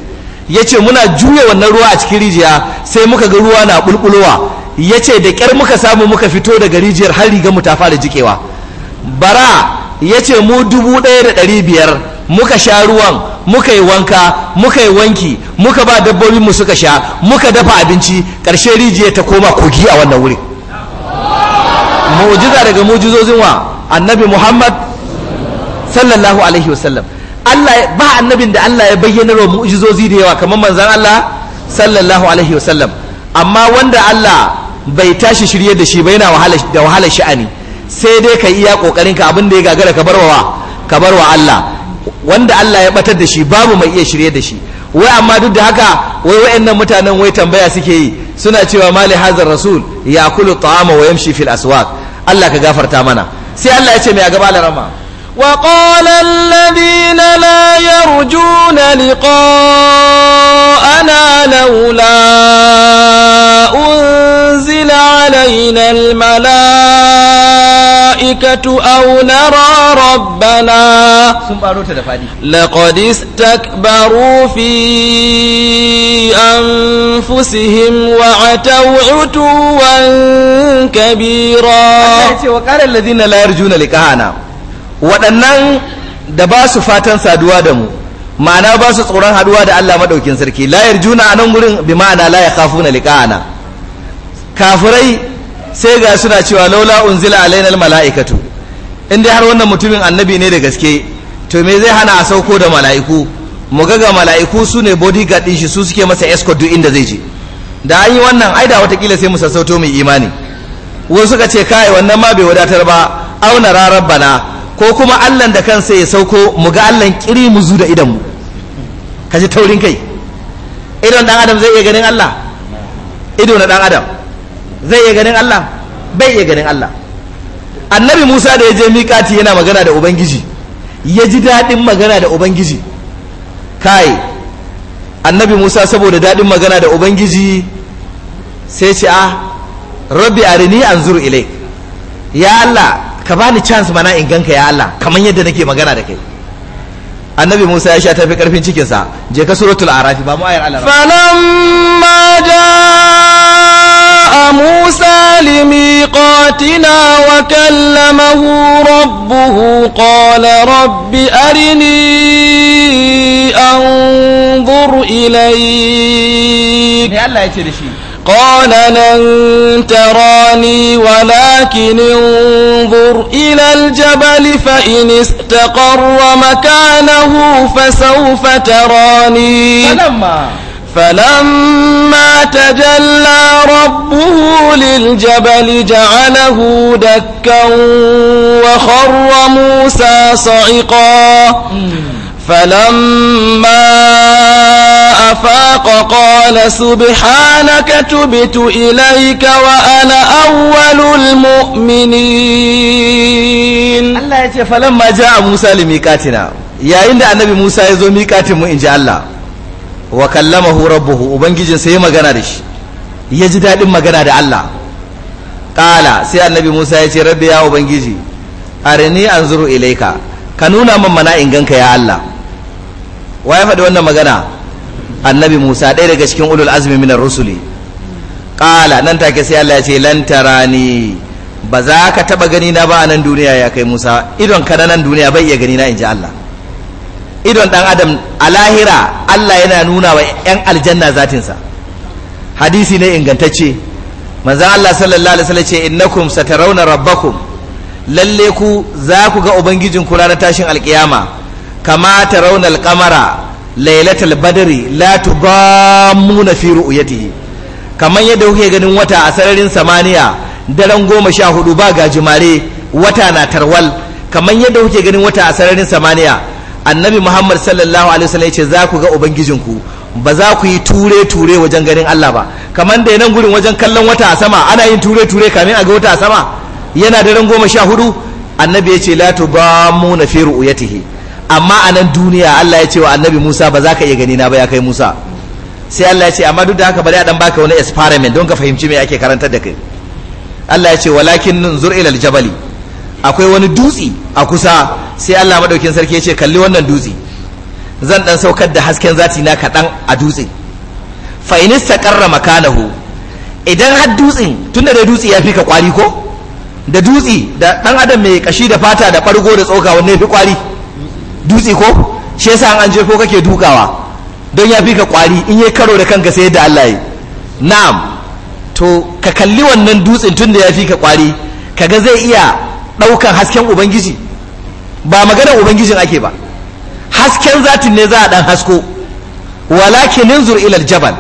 yace muna juye wannan ruwa a cikin rijiya sai muka ga ruwa na bulbulowa yace da kyar muka samu muka fito daga rijiyar har riga mu ta fara jikewa bara yace mu dubu ɗaya da ɗari biyar muka sha ruwan muka yi wanka muka yi wanki muka ba mu suka sha muka dafa abinci karshe rijiyar ta koma kogi a wannan wurin mu'jiza daga mu'jizozin wa annabi Muhammad sallallahu alaihi wasallam Allah ba annabin da Allah ya bayyana wa mu'jizozi da yawa kamar manzon Allah sallallahu alaihi wasallam amma wanda Allah bai tashi shirye da shi ba yana da wahala sha'ani sai dai ka iya kokarin ka abin da ya gagara ka barwa ka Allah wanda Allah ya batar da shi babu mai iya shirye da shi wai amma duk da haka wai wayannan mutanen wai tambaya suke yi suna cewa mali hazar rasul ya kulu ta'ama wa yamshi fil aswaq Allah ka gafarta mana sai Allah ya ce mai a gaba larama وقال الذين لا يرجون لقاءنا لولا أنزل علينا الملائكة أو نرى ربنا لقد استكبروا في أنفسهم وعتوا عتوا كبيرا وقال الذين لا يرجون لقاءنا waɗannan da ba su fatan saduwa da mu ma'ana ba su tsoron haduwa da Allah maɗaukin sarki layar juna a nan gurin bi ma'ana la ya kafu na liƙa'ana kafirai sai ga suna cewa laula unzila alainal mala'ikatu inda har wannan mutumin annabi ne da gaske to me zai hana a sauko da mala'iku mu ga ga mala'iku su ne bodyguard ɗin shi su suke masa escort duk inda zai je da an yi wannan ai da watakila sai mu sassauto mai imani wasu suka ce kai wannan ma bai wadatar ba auna rarar bana ko kuma allan da kansa ya sauko mu ga allan kiri mu zu da idanmu ka ji taurin kai idon dan adam zai iya ganin allah ido na dan adam zai iya ganin allah bai iya ganin allah annabi musa da ya je miƙati yana magana da ubangiji ya ji daɗin magana da ubangiji kai annabi musa saboda daɗin magana da ubangiji sai ce a ah, rabbi arini anzur ilai ya allah ka bani chance mana in ganka ya Allah kamar yadda nake magana da kai annabi Musa ya sha tafi karfin cikin sa je ka suratul arafi ba mu ayar Allah ma ja Musa qatina wa kallamahu rabbuhu qala rabbi arini anzur ilayk ne Allah ya ce da shi قال لن تراني ولكن انظر إلى الجبل فإن استقر مكانه فسوف تراني فلما فلما تجلى ربه للجبل جعله دكا وخر موسى صعقا فلما أفاق قال سبحانك تبت إليك وأنا أول المؤمنين الله يتي فلما جاء موسى لميكاتنا يا عند النبي موسى يزو ميكات مو إن جاء الله وكلمه ربه وبنجي سي مغانا دش يجي دادin magana da Allah kala sai annabi Musa ya ce rabbi ya ubangiji arini anzuru ilaika ka nuna min mana in ganka ya Allah wa ya faɗi wannan magana annabi musa ɗaya daga cikin ulul azumi minar rusuli ƙala nan take sai allah ya ce lantara ne ba za ka taɓa gani na ba a nan duniya ya kai musa idon ka na nan duniya bai iya gani na in ji allah idon ɗan adam a lahira allah yana nuna wa 'yan aljanna zatinsa hadisi ne ingantacce manzan allah sallallahu alaihi wasallam ce innakum satarawna rabbakum lalle ku za ku ga ubangijin ranar tashin alkiyama kama ta al-qamara lailatul badri la tudammuna fi ru'yatihi kaman yadda kuke ganin wata a sararin samaniya daren goma sha hudu ba gajimare wata na tarwal kamar yadda kuke ganin wata a sararin samaniya annabi muhammad sallallahu alaihi wasallam yace za ku ga ubangijinku ba za ku yi ture ture wajen ganin Allah ba kamar da nan gurin wajen kallon wata a sama ana yin ture ture kamin a ga wata a sama yana daren goma sha hudu annabi yace la tudammuna fi ru'yatihi amma a nan duniya Allah ya ce wa annabi Musa ba za ka iya gani na ba ya kai Musa sai Allah ya ce amma duk da haka bari a dan baka wani experiment don ka fahimci me ake karantar da kai Allah ya ce walakin nunzur ila aljabali akwai wani dutsi a kusa sai Allah madaukin sarki ya ce kalli wannan dutsi zan dan saukar da hasken zati na kaɗan a dutse fa in istaqarra makanahu idan har dutsin tunda da dutsi ya fi ka kwari ko da dutsi da dan adam mai kashi da fata da fargo da tsoka wanne fi kwari dutse ko shi yasa an je ko kake dukawa don ya fi ka kwari in yi karo da kanka sai da Allah yi na'am to ka kalli wannan dutsen tun da ya fi ka kwari kaga zai iya ɗaukan hasken ubangiji ba magana ubangijin ake ba hasken zatin ne za a dan hasko walakin nzur ilal aljabal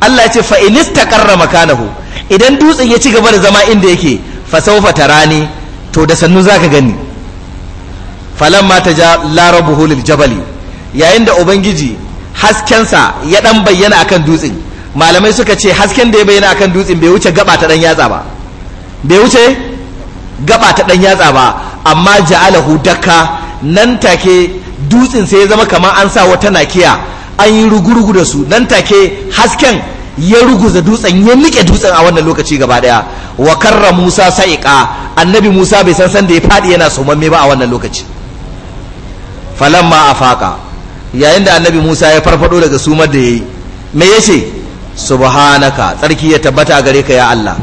Allah ya ce fa in istaqarra makanahu idan dutsen ya ci gaba da zama inda yake fa sawfa tarani to da sannu zaka gani ma ta ja lara lil jabali yayin da ubangiji sa ya dan bayyana akan dutsen malamai suka ce hasken da ya bayyana akan dutsen bai wuce gaba ta dan yatsa ba bai wuce gaba ta dan yatsa ba amma ja'alahu dakka nan take dutsen sai ya zama kamar an sa wata nakiya an yi rugurugu da su nan take hasken ya ruguza dutsen ya nike dutsen a wannan lokaci gaba daya wa karra musa sa'iqa annabi musa bai san san da ya fadi yana sumamme ba a wannan lokaci falamma faƙa yayin da annabi Musa ya farfado daga sumar da ya yi me ce subhanaka tsarki ya tabbata gare ka ya Allah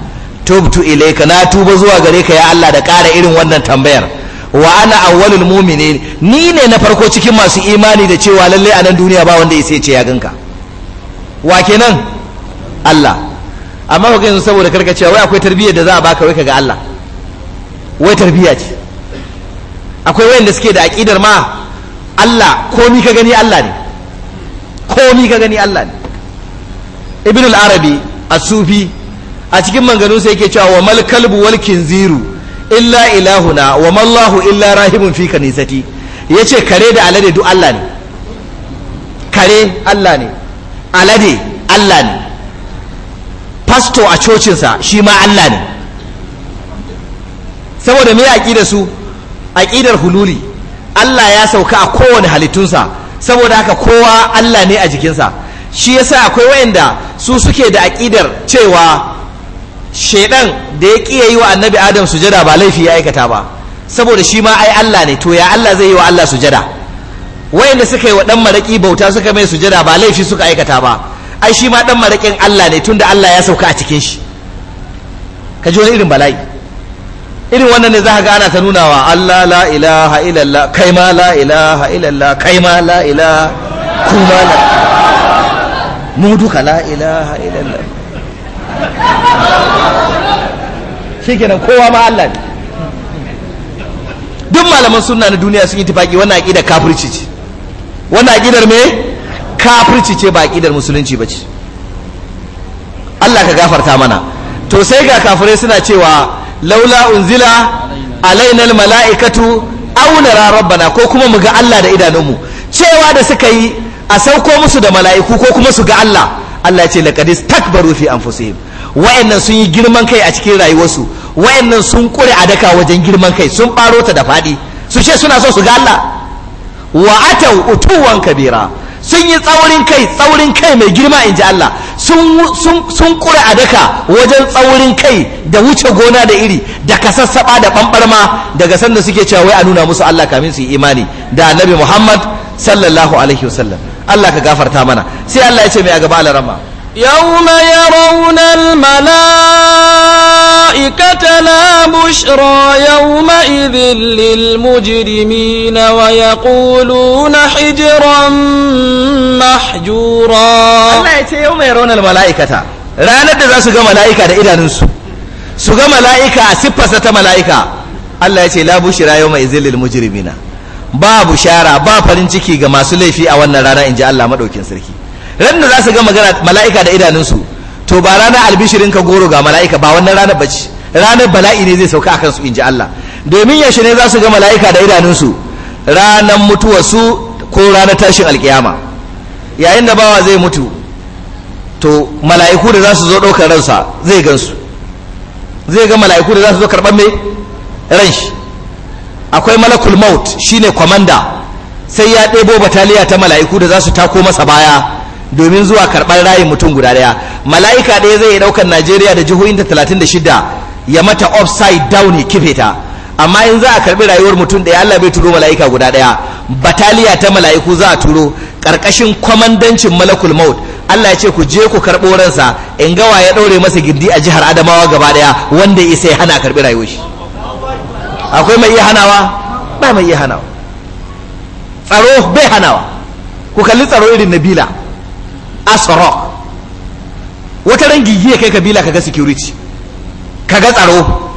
tubtu ilayka na tuba zuwa gare ka ya Allah da ƙara irin wannan tambayar wa ana awwalul mu'minin ni ne na farko cikin masu imani da cewa lalle a nan duniya ba wanda ya ce ya ganka wa kenan Allah amma ka yanzu saboda cewa wai akwai tarbiyyar da za a baka wai ka ga Allah wai tarbiyya ce akwai wayanda suke da aqidar ma Allah komi ka gani Allah ne komi ka gani Allah ne ibn al-arabi a sufi a cikin manganu sai yake cewa wa mal kalbu wal kinziru illa ilahuna wa mallahu illa rahimun fi kanisati yace kare da alade duk Allah ne kare Allah ne alade Allah ne pasto a cocin sa shi ma Allah ne saboda me aqida su aqidar hululi Allah ya sauka a kowane halittunsa saboda haka kowa Allah ne a jikinsa shi yasa akwai wayanda su suke da aƙidar cewa shaidan da ya ƙiya yi wa annabi adam sujada ba laifi ya aikata ba saboda shi ma ai Allah ne to ya Allah zai yi wa Allah sujada wayanda suka yi wa dan maraki bauta suka mai sujada ba laifi suka aikata ba ai shi ma dan marakin Allah ne tunda Allah ya sauka a cikin shi ka ji wani irin bala'i irin wannan ne za ka ga ana ta nunawa Allah la ilaha illallah kai ma la ilaha illallah kai ma la ilaha kuma la mu duka la ilaha illallah shikenan kowa ma Allah ne duk malaman sunna na duniya sun yi tafaki wannan aƙidar kafirci ce wannan aƙidar me kafirci ce ba aƙidar musulunci bace Allah ka gafarta mana to sai ga kafirai suna cewa laula unzila alainal mala'ikatu aw nara rabbana ko kuma mu ga Allah da idanunmu cewa da suka yi a sauko musu da mala'iku ko kuma su ga Allah Allah ce laqad istakbaru fi anfusihim wa'annan sun yi girman kai a cikin rayuwarsu wa'annan sun kure a daka wajen girman kai sun baro ta da fadi su ce suna so su ga Allah wa atau utuwan kabira sun yi tsaurin kai tsaurin kai mai girma in ji Allah sun kura a daka wajen tsaurin kai da wuce gona da iri da kasassaba da ɓanɓarma daga sanda suke cewa wai a nuna musu Allah kamin su yi imani da annabi Muhammad sallallahu alaihi wasallam Allah ka gafarta mana sai Allah ya ce mai a gaba alarama يوم يرون الملائكة لا بشرى يومئذ للمجرمين ويقولون حجرا محجورا الله يتي يوم يرون الملائكة ranar da za su ga mala'ika da idanunsu su ga mala'ika a siffarsa ta mala'ika Allah ya ce la bushira yau mai zillil mujrimina ba bushara ba farin ciki ga masu laifi a wannan rana in ji Allah maɗaukin sarki ran da za su ga magana mala'ika da idanunsu to ba ranar albishirin ka goro ga mala'ika ba wannan ranar bace ranar bala'i ne zai sauka akan su inji Allah domin yaushe ne za su ga mala'ika da idanunsu ranar mutuwarsu ko ranar tashin alkiyama yayin da bawa zai mutu to mala'iku da za su zo ɗaukar ransa zai gansu zai ga mala'iku da za su zo karɓar mai ran shi akwai malakul maut shine kwamanda sai ya ɗebo bataliya ta mala'iku da za su tako masa baya domin zuwa karɓar rayin mutum guda daya mala'ika ɗaya zai ɗaukar najeriya da jihohin jihohinta 36 ya mata upside down kife ta amma in za a karɓi rayuwar mutum ɗaya allah bai turo mala'ika guda ɗaya bataliya ta mala'iku za a turo ƙarƙashin kwamandancin malakul maut allah ya ce ku je ku karɓo ransa in gawa ya ɗaure masa gindi a jihar adamawa gaba ɗaya wanda ya isa ya hana karɓi rayuwar shi akwai mai iya hanawa ba mai iya hanawa tsaro bai hanawa ku kalli tsaro irin nabila asoro wata ran gigiye kai kabila kaga security kaga tsaro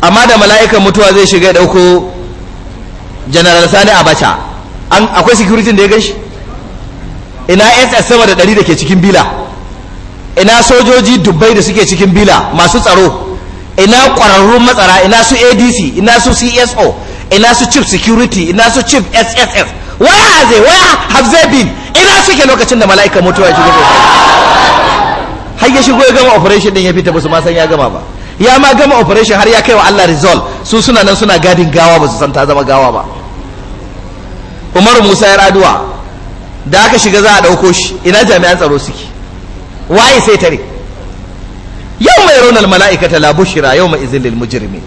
amma da mala'ikan mutuwa zai shiga ya dauko general sani abacha an akwai security da ya gashi ina ss sama da 100 da ke cikin bila ina sojoji dubbai da suke cikin bila masu tsaro ina kwararrun matsara ina su adc ina su cso ina su chief security ina su chief sss waya haze waya have they been ina suke lokacin da mala'ika mutuwa ya shigo har ya shigo ya gama operation din ya fita musu ma san ya gama ba ya ma gama operation har ya kai wa Allah result su suna nan suna gadin gawa ba su san ta zama gawa ba Umar Musa ya raduwa da aka shiga za a ɗauko shi ina jami'an tsaro suke waye sai tare yau mai raunar mala'ikata la bushira yau mai izinin mujirmi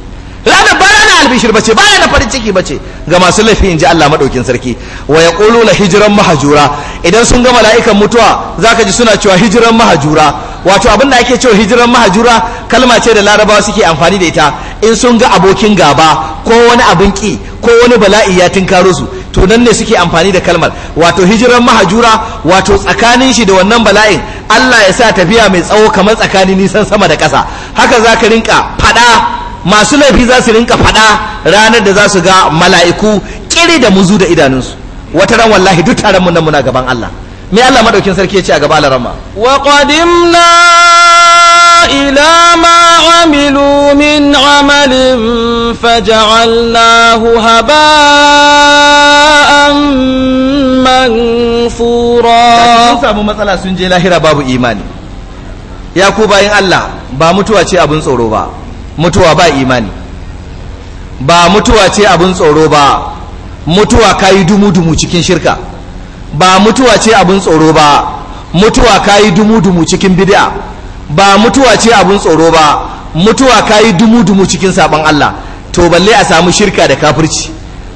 albishir bace baya na farin ciki bace ga masu laifi inji Allah madaukin sarki wa la hijran mahjura idan sun ga mala'ikan mutuwa zaka ji suna cewa hijran mahjura wato abin da ake cewa hijran mahjura kalma ce da larabawa suke amfani da ita in sun ga abokin gaba ko wani abin ki ko wani bala'i ya tinkaro su to nan ne suke amfani da kalmar wato hijiran mahajura wato tsakanin shi da wannan bala'in Allah ya sa tafiya mai tsawo kamar tsakanin nisan sama da ƙasa haka zaka rinka faɗa masu laifi za su rinka faɗa ranar da za su ga mala'iku kiri da muzu da idanunsu wata ran wallahi duk taron mu na muna gaban Allah me Allah madaukin sarki ya ce a gaba larama wa qadimna ila ma amilu min amalin faj'alnahu haba'an manfura sun samu matsala sun je lahira babu imani ya ku bayin Allah ba mutuwa ce abin tsoro ba mutuwa ba imani ba mutuwa ce abin tsoro ba mutuwa ka yi dumu-dumu cikin shirka ba mutuwa ce abin tsoro ba mutuwa ka yi dumu-dumu cikin bid'a ba mutuwa ce abin tsoro ba mutuwa ka yi dumu-dumu cikin sabon Allah to balle a samu shirka da kafirci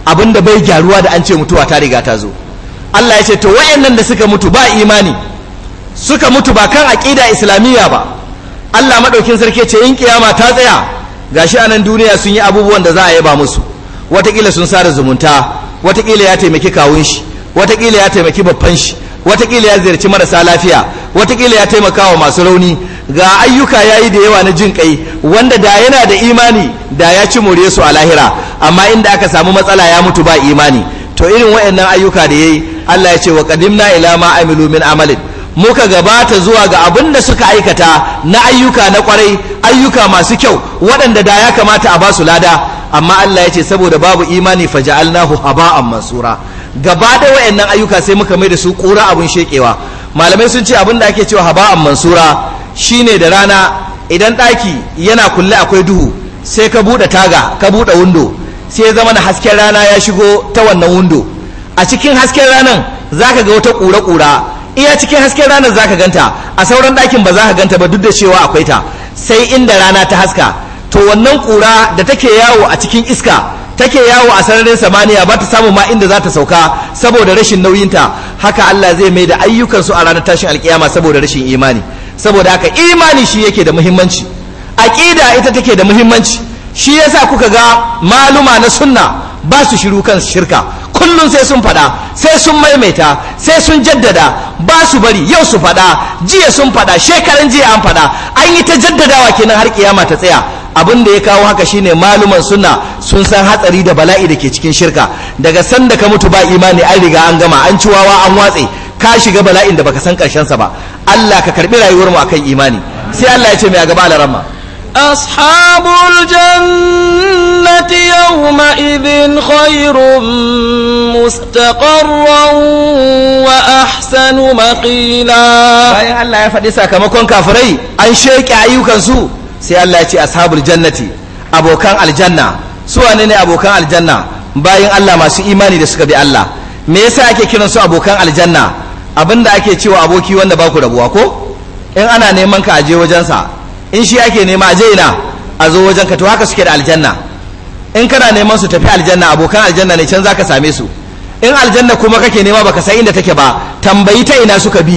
abinda bai gyaruwa da an ce mutuwa ta riga ta zo Allah ya ce to waɗannan da suka mutu ba imani suka mutu ba kan aƙida islamiyya ba Allah maɗaukin sarki ce in kiyama ta tsaya gashi a nan duniya sun yi abubuwan da za a yaba musu watakila sun sada zumunta watakila ya taimaki kawun shi watakila ya taimaki babban shi watakila ya ziyarci marasa lafiya watakila ya taimaka wa masu rauni ga ayyuka yayi da yawa na jin kai wanda da yana da imani da ya ci more su a lahira amma inda aka samu matsala ya mutu ba imani to irin wa'annan ayyuka da yayi Allah ya ce wa qadimna ila ma amilu min amalin muka gabata zuwa ga abin da suka aikata na ayyuka na kwarai ayyuka masu kyau waɗanda da ya kamata a ba su lada amma Allah ya ce saboda babu imani faja'alnahu haba'an mansura gaba da wayannan ayyuka sai muka mai da su kura abun shekewa malamai sun ce abin da ake cewa haba'an mansura shine da rana idan ɗaki yana kulle akwai duhu sai ka buɗe taga ka buɗe windo sai ya zama na hasken rana ya shigo ta wannan windo a cikin hasken ranan zaka ga wata kura kura. iya cikin hasken ranar zaka ganta a sauran ɗakin ba za ka ganta ba duk da cewa akwai ta sai inda rana ta haska to wannan ƙura da take yawo a cikin iska take yawo a sararin samaniya ba ta samu ma inda za ta sauka saboda rashin nauyinta haka Allah zai mai da ayyukan su a ranar tashin alkiyama saboda rashin imani saboda haka imani shi yake da muhimmanci aqida ita take da muhimmanci shi yasa kuka ga maluma na sunna ba su shiru kan shirka kullum sai sun faɗa sai sun maimaita sai sun jaddada ba su bari yau su faɗa jiya sun faɗa shekaran jiya an faɗa an yi ta jaddadawa kenan har kiyama ta tsaya abin da ya kawo haka shine maluman sunna sun san hatsari da bala'i da ke cikin shirka daga sanda ka mutu ba imani an riga an gama an ci wawa an watse ka shiga bala'in da baka san karshen sa ba Allah ka karbi rayuwar mu akan imani sai Allah ya ce mai ga gaba أصحاب الجنة يومئذ خير مستقرا وأحسن مقيلا باين ya faɗi sakamakon kafurai, an sheke ayyukan su sai Allah ya ce ashabul jannati abokan aljanna su wane ne abokan aljanna bayan Allah masu imani da suka bi Allah me yasa ake kiran su abokan aljanna abinda ake cewa aboki wanda ba ku rabuwa ko in ana neman ka aje wajensa in shi ake nema a je ina a zo wajen ka to haka suke da aljanna in kana neman su tafi aljanna abokan aljanna ne can za ka same su in aljanna kuma kake nema baka san inda take ba tambayi ta ina suka bi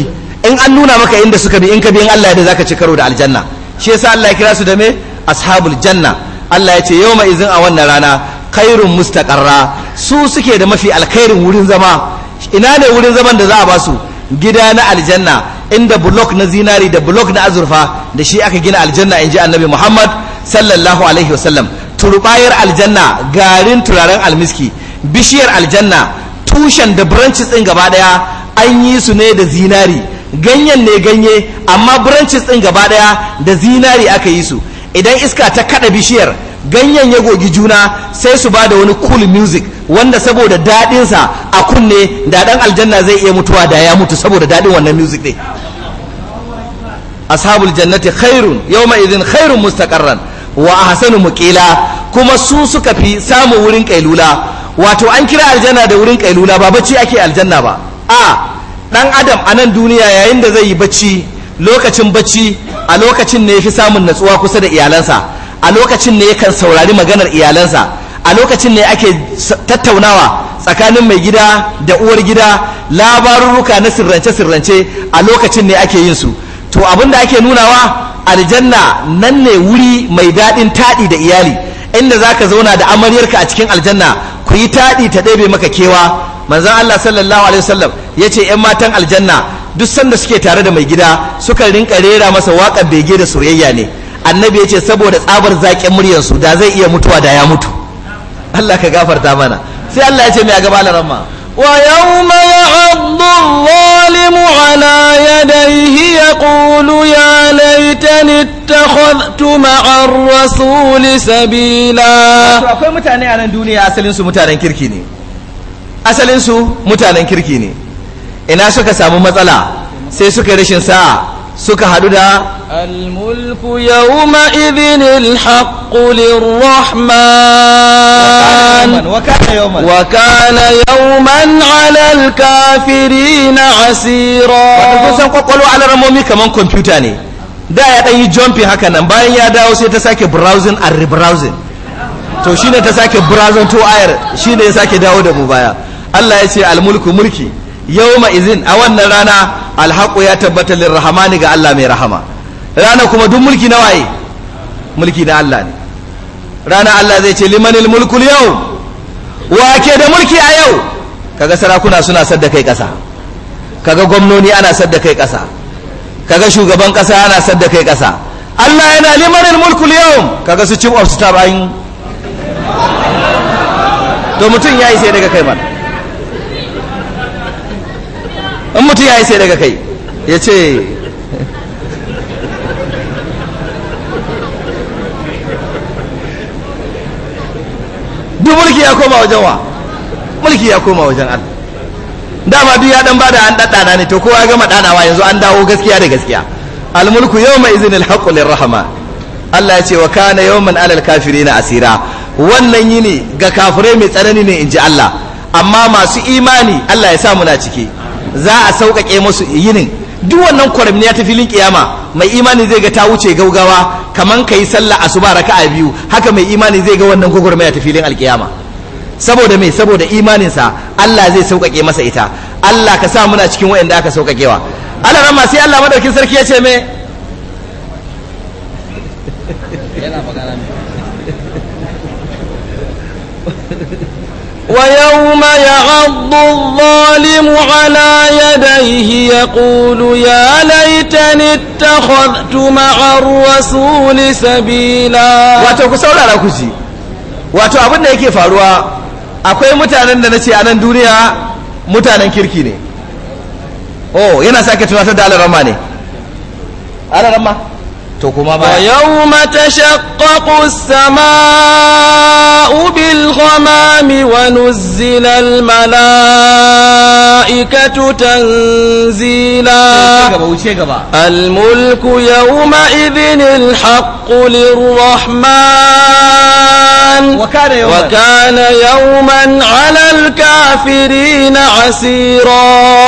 in an nuna maka inda suka bi in ka bi in Allah ya zaka ci karo da aljanna shi yasa Allah ya kira su da me ashabul janna Allah ya ce yawma izin a wannan rana khairun mustaqarra su suke da mafi alkhairin wurin zama ina ne wurin zaman da za a ba su gida na aljanna inda blok na zinari da blok na azurfa da shi aka gina aljanna in ji annabi muhammad sallallahu alaihi wasallam turbayar aljanna garin turaren almiski bishiyar aljanna tushen da branches din gaba daya an yi su ne da zinari ganyen ne ganye amma branches din gaba daya da zinari aka yi su idan iska ta kada bishiyar ganyen ya gogi juna sai su ba da wani cool music wanda saboda daɗinsa a kunne da ɗan aljanna zai iya mutuwa da ya mutu saboda daɗin wannan music ɗin ashabul jannati khairun yawma idhin khairun mustaqarran wa ahsanu muqila kuma su suka fi samu wurin kailula wato an kira aljanna da wurin kailula ba bacci ake aljanna ba a dan adam a nan duniya yayin da zai yi bacci lokacin bacci a lokacin ne ya fi samun natsuwa kusa da iyalansa a lokacin ne yakan saurari maganar iyalansa a lokacin ne ake tattaunawa tsakanin mai gida da uwar gida labarurruka na sirrance-sirrance a lokacin ne ake yin su to abin da ake nunawa aljanna nan ne wuri mai daɗin taɗi da iyali inda za ka zauna da amaryarka a cikin aljanna ku yi taɗi ta ɗebe maka kewa manzan allah sallallahu alaihi wasallam ya ce 'yan matan aljanna duk sanda suke tare da mai gida sukan rinka rera masa waƙar bege da soyayya ne annabi ya ce saboda tsabar zaƙin muryarsu da zai iya mutuwa da ya mutu Allah ka gafarta mana sai Allah ya ce mai a gaba larama ويوم يعض الظالم على يديه يقول يا ليتني اتخذت مع الرسول sabila akwai mutane a nan duniya asalin su mutanen kirki ne asalin su mutanen kirki ne ina suka samu matsala sai suka rashin sa'a suka hadu da almulku yawma idhin al-haqq lirrahman wa kana yawman 'ala al 'asira wato san san ala alarmomi kaman computer ne da ya dan yi jumping haka nan bayan ya dawo sai ta sake browsing and rebrowsing to shine ta sake browsing to ayar shine ya sake dawo da mu baya Allah ya ce almulku mulku mulki yawma idhin a wannan rana alhaƙo ya tabbata lirrahmani ga Allah mai rahama rana kuma duk mulki na waye mulki na Allah ne rana Allah zai ce limanil mulkul yau wake da mulki a yau kaga sarakuna suna sadda kai ƙasa kaga gwamnoni ana sadda kai ƙasa kaga shugaban ƙasa ana sadda kai ƙasa Allah yana limanil mulkul yau kaga su chief of staff ayin to mutum yayi sai daga kai mana in mutum ya yi sai daga kai ya ce duk mulki ya koma wajen wa mulki ya koma wajen al dama duk ya dan bada an daddana ne to kowa ya gama danawa yanzu an dawo gaskiya da gaskiya almulku yawma izin alhaqqu rahama Allah ya ce wa kana yawman alal na asira wannan yini ga kafirai mai tsanani ne in ji Allah amma masu imani Allah ya sa muna ciki za a sauƙaƙe musu yinin duk wannan kwaramniya ta filin kiyama mai imani zai ga ta wuce gaugawa kaman ka yi sallah a asuba raka'a biyu haka mai imani zai ga wannan gwagwarmaya ta filin alkiyama saboda me saboda imaninsa Allah zai sauƙaƙe masa ita Allah ka sa muna cikin waɗanda aka sauƙaƙewa Allah rama sai Allah madaukin sarki ya ce me ويوم يعض الظالم على يديه يقول يا ليتني اتخذت مع الرسول سبيلا wato ku saurara ku ji wato abin da yake faruwa akwai mutanen da nace a nan duniya mutanen kirki ne oh yana sake tunatar da ne to kuma ba yau mata as sama ubil ghamami wani nuzzila malaikatu tanzila almulku yau gaba al mulku yawma idhin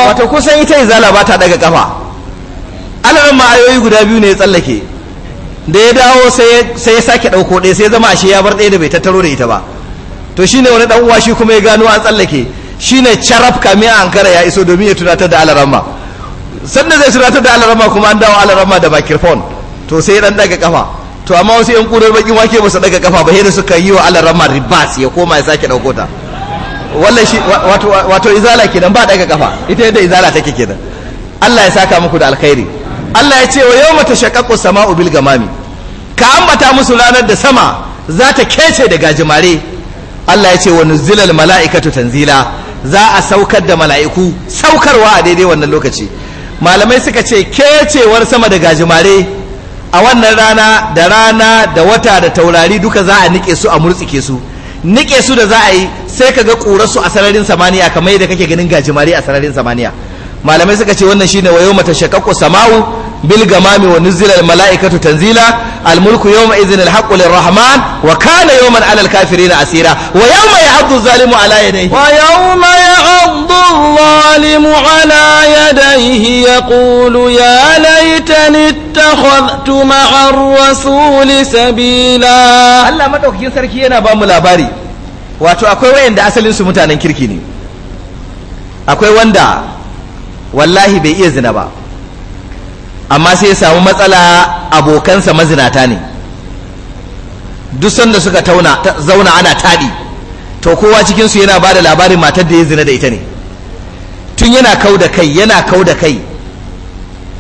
wa kusan ita izala ba ta daga kafa alaran ma ayoyi guda biyu ne ya tsallake da ya dawo sai ya sake ɗauko ɗaya sai ya zama ashe ya bar ɗaya da bai tattaro da ita ba to shine wani ɗan uwa shi kuma ya gano an tsallake shine charaf kamin a ankara ya iso domin ya tunatar da alarama sannan zai tunatar da alarama kuma an dawo alarama da makirfon to sai ɗan daga kafa to amma wasu yan kudar bakin wake ba su daga kafa ba da suka yi wa alarama ribas ya koma ya sake ɗauko ta wallahi shi wato izala kenan ba daga kafa ita yadda izala take kenan Allah ya saka muku da alkhairi Allah ya ce wa yau mata shakaku sama'u bil gamami ka ambata musu ranar da sama za ta kece da gajimare Allah ya ce wa nuzilal mala'ikatu tanzila za a saukar da mala'iku saukarwa a daidai wannan lokaci malamai suka ce kecewar sama da gajimare a wannan rana da rana da wata da taurari duka za a nike su a murtsike su nike su da za a yi sai ka ga ƙura su a sararin samaniya kamar yadda kake ganin gajimare a sararin samaniya malamai suka ce wannan shine wayo mata shakakku sama'u bilgamami wa nuzila malaikatu tanzila almulku mulku yawma idhin rahman wa kana yawman ala kafirin asira wa yawma ya'addu zalimu ala yadayhi wa yawma ya'addu zalimu ala yadayhi yaqulu ya laitani ittakhadhtu ma'a ar sabila Allah madaukakin sarki yana ba mu labari wato akwai wayanda asalin su mutanen kirki ne akwai wanda wallahi bai iya zina ba amma sai ya samu matsala abokansa mazinata ne duk sanda suka tauna zauna ana taɗi to kowa cikinsu yana bada da labarin matar da ya zina da ita ne tun yana kau da kai yana kau da kai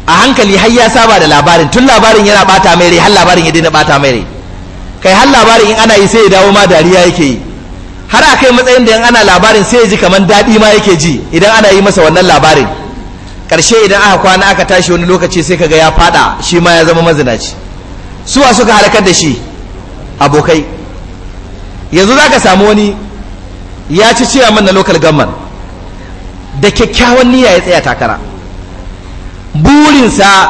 a hankali har ya saba da labarin tun labarin yana bata mai rai har labarin ya daina bata mai rai kai har labarin in ana yi sai ya dawo ma dariya yake yi har a kai matsayin da in ana labarin sai ya ji kamar daɗi ma yake ji idan ana yi masa wannan labarin karshe idan aka kwana aka tashi wani lokaci sai kaga ya fada shi ma ya zama mazinaci suwa suka halakar da shi abokai yanzu za ka samu wani ya ci ciya man na local government da kyakkyawan niyya ya tsaya takara burinsa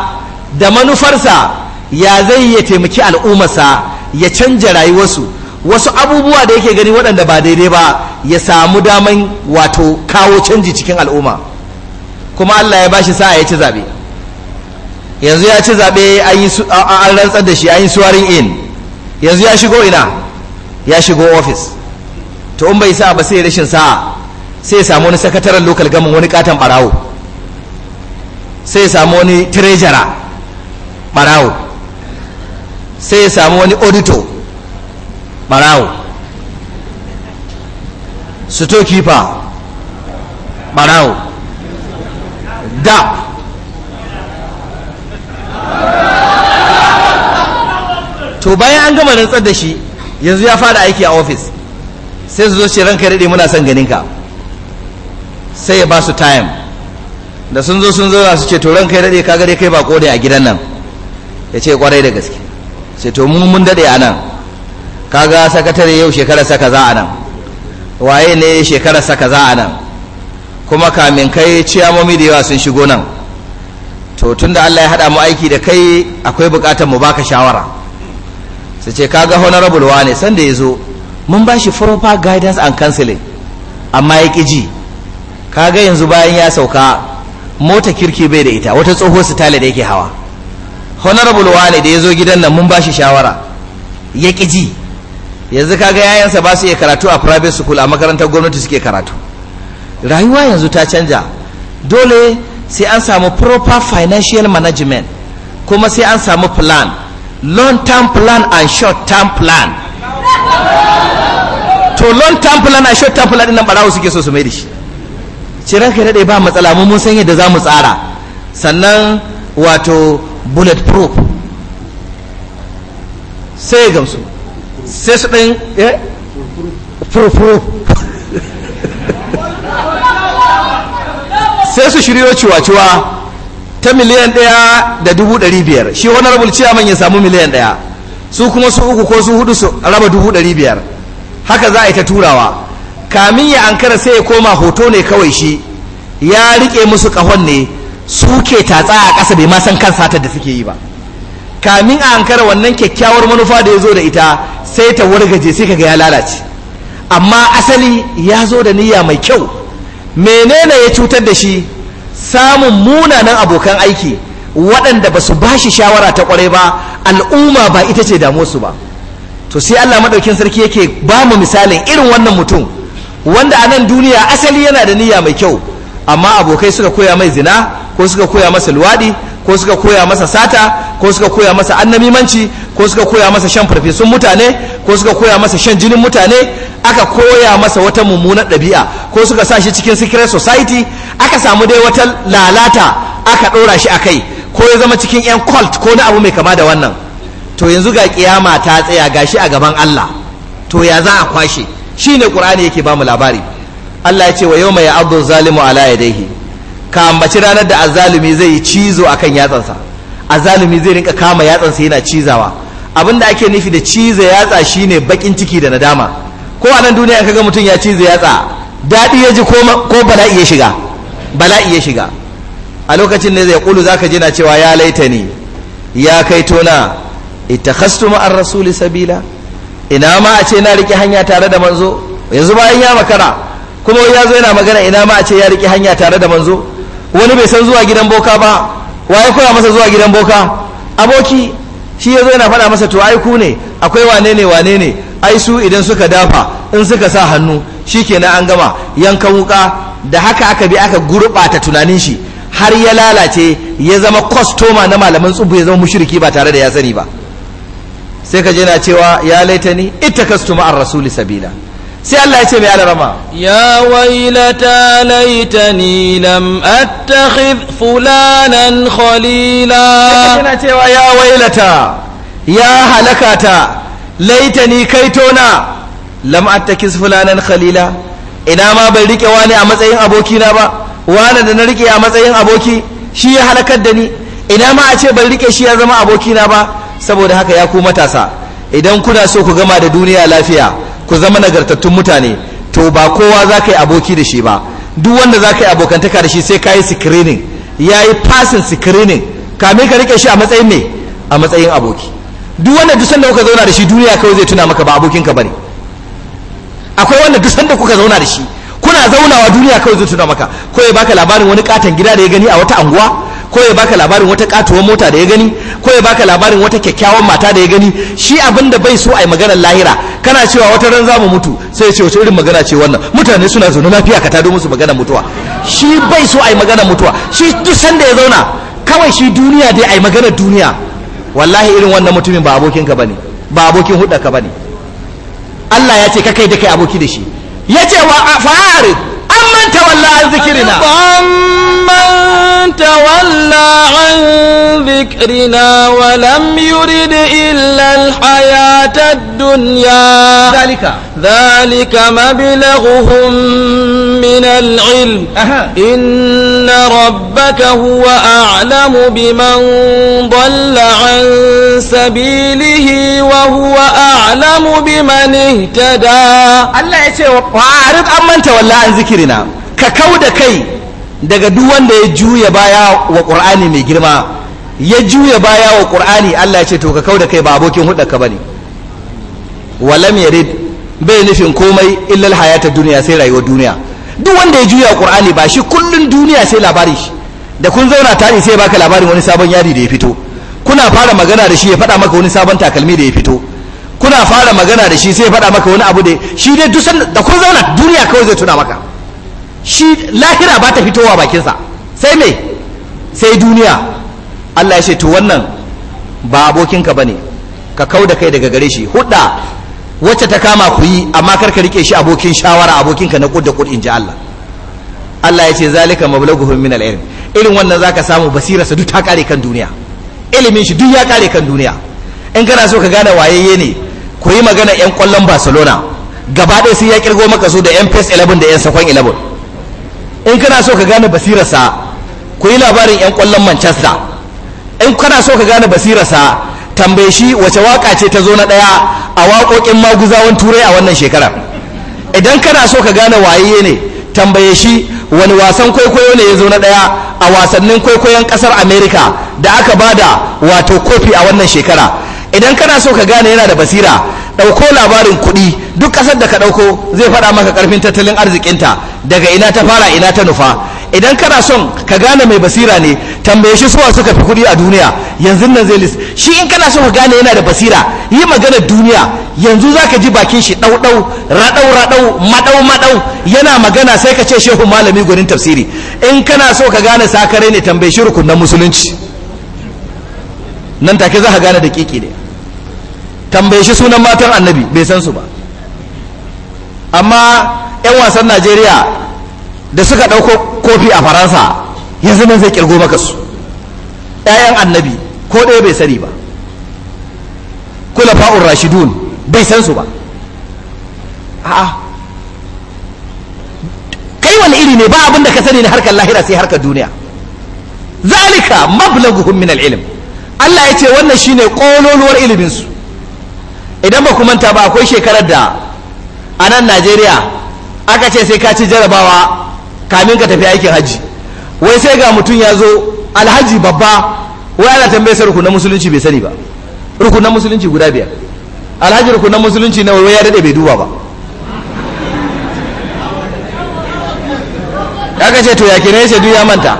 da manufarsa ya zai ya taimaki al'ummarsa ya canja rayuwarsu wasu abubuwa da yake gani waɗanda ba daidai ba ya samu daman wato kawo canji cikin al'umma kuma Allah ya bashi sa'a ya ci zaɓe yanzu ya ci zaɓe an rantsar da shi an yi suwarin in yanzu ya shigo ina ya shigo ofis to in bai sa ba sai rashin sa'a sai ya samu wani sakataren lokal gamin wani katon barawo sai ya samu wani treasurer barawo sai ya samu wani odito barawo suto kifa barawo da to bayan an gama rantsar da shi yanzu ya fara aiki a ofis sai su zo ce ranka daɗe muna son ganinka sai ya ba su time da sun zo sun zo su ce to ranka daɗe ka gare kai ba ne a gidan nan ya ce kwarai da gaske sai to mun mun daɗe a nan kaga sakatare yau shekarar saka za a nan waye ne shekarar saka za a nan kuma kamin kai ciyamomi da yawa sun shigo nan to tun da Allah ya haɗa mu aiki da kai akwai buƙatar mu baka shawara su ce kaga honorable wa ne sanda ya zo mun ba shi proper guidance and counseling amma ya ƙiji kaga yanzu bayan ya sauka mota kirki bai da ita wata tsoho su tale da yake hawa honorable wa ne da ya zo gidan nan mun ba shi shawara ya ƙiji yanzu kaga yayansa ba su iya karatu a private school a makarantar gwamnati suke karatu rayuwa yanzu ta canja dole sai an samu proper financial management kuma sai an samu plan long term plan and short term plan to long term plan and short term plan din nan barawo suke so su mai da shi ciran kai dade ba matsala mu mun san yadda za mu tsara sannan wato bullet proof sai gamsu sai su ɗin eh proof proof sai su shiryo ciwa-ciwa ta miliyan ɗaya da dubu ɗari biyar shi wani rabu ciyaman ya samu miliyan ɗaya su kuma su uku ko su hudu su raba dubu ɗari biyar haka za a yi ta turawa kamin ya ankara sai ya koma hoto ne kawai shi ya riƙe musu ƙahon ne su ke tatsa a ƙasa bai ma san kan satar da suke yi ba kamin a ankara wannan kyakkyawar manufa da ya zo da ita sai ta wargaje sai kaga ya lalace amma asali ya zo da niyya mai kyau menene ya cutar da shi samun munanan abokan aiki waɗanda ba su ba shi shawara ta ƙwarai ba al'umma ba ita ce su ba to sai allah maɗaukin sarki yake ba mu misalin irin wannan mutum wanda a nan duniya asali yana da niyya mai kyau amma abokai suka koya mai zina ko suka koya masa luwaɗi ko suka koya masa sata ko suka koya masa annamimanci ko suka koya masa shan farfesun mutane ko suka koya masa shan jinin mutane aka koya masa wata mummunar ɗabi'a ko suka sa shi cikin secret society aka samu dai wata lalata aka ɗora shi a kai ko ya zama cikin 'yan cult ko na abu mai kama da wannan to yanzu ga kiyama ta tsaya gashi a gaban Allah to ya za a kwashe shine ƙur'ani yake ba mu labari Allah ya ce wa yawma abdu zalimu ala yadayhi ka ambaci ranar da azzalumi zai yi cizo akan yatsansa azzalumi zai rinka kama yatsansa yana cizawa abinda ake nufi da cizo yatsa shine bakin ciki da nadama ko a nan duniya kaga mutum ya ci cize yatsa daɗi ya ji ko bala'i ya shiga bala'i ya shiga a lokacin ne zai kulu zaka jina cewa ya laita ne ya kai tona ita itakhastu ma'ar rasuli sabila ina ma a ce na rike hanya tare da manzo yanzu bayan ya makara kuma ya zo yana magana ina ma a ce ya rike hanya tare da manzo wani bai san zuwa gidan boka ba wa ya koya masa zuwa gidan boka aboki shi ya zo yana faɗa masa to ai ku ne akwai wane ne wane ne ai su idan suka dafa in suka sa hannu shikenan an gama yankan wuka da haka aka bi aka gurɓata tunanin shi har ya lalace ya zama kwastoma na malaman tsubu ya zama mushriki ba tare da ya sani ba sai ka je na cewa ya laita ni ita kastuma an rasuli sabila sai Allah ya ce mai alarama ya wailata laitani lam attakhidh fulanan khalila sai ka jina na cewa ya wailata ya halakata laitani kai tona lam attakis fulanan khalila ina ma bai rike wani a matsayin aboki na ba wani da na rike a matsayin aboki shi ya halakar da ni ina ma a ce bai rike shi ya zama aboki na ba saboda haka ya ku matasa idan kuna so ku gama da duniya lafiya ku zama nagartattun mutane to ba kowa za ka yi aboki da shi ba duk wanda za ka yi abokantaka da shi sai ka yi screening ya yi passing screening kamin ka rike shi a matsayin me a matsayin aboki duk wanda duk sanda kuka zauna da shi duniya kawai zai tuna maka ba abokinka bane akwai wanda duk da kuka zauna da shi kuna zaunawa duniya kawai zai tuna maka ko ya baka labarin wani katon gida da ya gani a wata anguwa ko ya baka labarin wata katuwar mota da ya gani ko ya baka labarin wata kyakkyawan mata da ya gani shi abin da bai so a yi maganar lahira kana cewa wata ran za mu mutu sai ce wace irin magana ce wannan mutane suna zaune lafiya ka tado musu maganar mutuwa shi bai so a yi maganar mutuwa shi duk sanda ya zauna kawai shi duniya dai a yi maganar duniya wallahi irin wannan mutumin ba abokinka bane ba abokin hudarka bane Allah ya ce ka kai da kai aboki da shi yace wa an manta tawalla an an manta tawalla an zikirina wa lam yurid illa hayata ad-dunya dhalika dhalika mablaghuhum من العلم أها. إن ربك هو أعلم بمن ضل عن سبيله وهو أعلم بمن اهتدى الله يقول وعارض أمن تولى عن ذكرنا ككود كي daga duk wanda ya juya baya wa ƙur'ani mai girma ya juya baya wa ƙur'ani Allah ya ce to ka kau da kai ba abokin ka bane walam yarid bai nufin komai illal hayata duniya sai rayuwar duniya duk wanda ya juya qur'ani ba shi kullun duniya sai labari da kun zauna tare sai baka labarin wani sabon yadi da ya fito kuna fara magana da shi ya faɗa maka wani sabon takalmi da ya fito kuna fara magana da shi sai ya faɗa maka wani abu da shi dai san da kun zauna duniya kawai zai tuna maka shi lahira ba ta fitowa sa sai me sai duniya Allah ya ce to wannan ba abokinka bane ka kau da kai daga gare shi hudda wacce ta kama ku yi amma kar rike shi abokin shawara abokin ka na kudda da in ji Allah Allah ya ce zalika mablaghuhum min al-ilm irin wannan zaka samu basira sa duk ta kare kan duniya ilimin shi duk ya kare kan duniya in kana so ka gane wayayye ne ku yi magana yan kwallon Barcelona gaba ɗaya sai ya kirgo maka su da yan PES 11 da yan Sakon 11 in kana so ka gane basirarsa ku yi labarin yan kwallon Manchester in kana so ka gane basirarsa tambaye shi wace waka ce ta zo na ɗaya a waƙoƙin maguzawan turai a wannan shekara idan kana so ka gane waye ne tambaye shi wani wasan kwaikwayo ne ya zo na ɗaya a wasannin kwaikwayon ƙasar america da aka ba da wato kofi a wannan shekara idan kana so ka gane yana da basira ɗauko labarin kuɗi duk ƙasar da ka ɗauko zai faɗa maka ƙarfin tattalin arzikinta daga ina ta fara ina ta nufa idan kana son ka gane mai basira ne tambaye shi suwa suka fi kudi a duniya yanzu nan zai lis shi in kana son ka gane yana da basira yi magana duniya yanzu za ka ji bakin shi ɗauɗau raɗau raɗau maɗau maɗau yana magana sai ka ce shehu malami gurin tafsiri in kana so ka gane sakare ne tambaye shi rukunan musulunci nan take za ka gane da kiki ne tambaye shi sunan matan annabi bai san su ba amma 'yan wasan najeriya da suka ɗauko kofi a faransa yanzu nan zai kirgo maka su ɗayan annabi ko ɗaya bai sani ba kula fa'un rashidun bai san su ba a'a kai wani iri ne ba abin da ka sani na harkar lahira sai harkar duniya zalika mablaguhum min al-ilm Allah ya ce wannan shine kololuwar ilimin su idan ba ku manta ba akwai shekarar da a nan Najeriya aka ce sai ka ci jarabawa kamin ka tafi aikin haji wai sai ga mutum ya zo alhaji babba wai ana tambayar sa rukunan musulunci bai sani ba rukunan musulunci guda biyar alhaji rukunan musulunci na wai ya dade bai duba ba aka ce to ya kine ce duk ya manta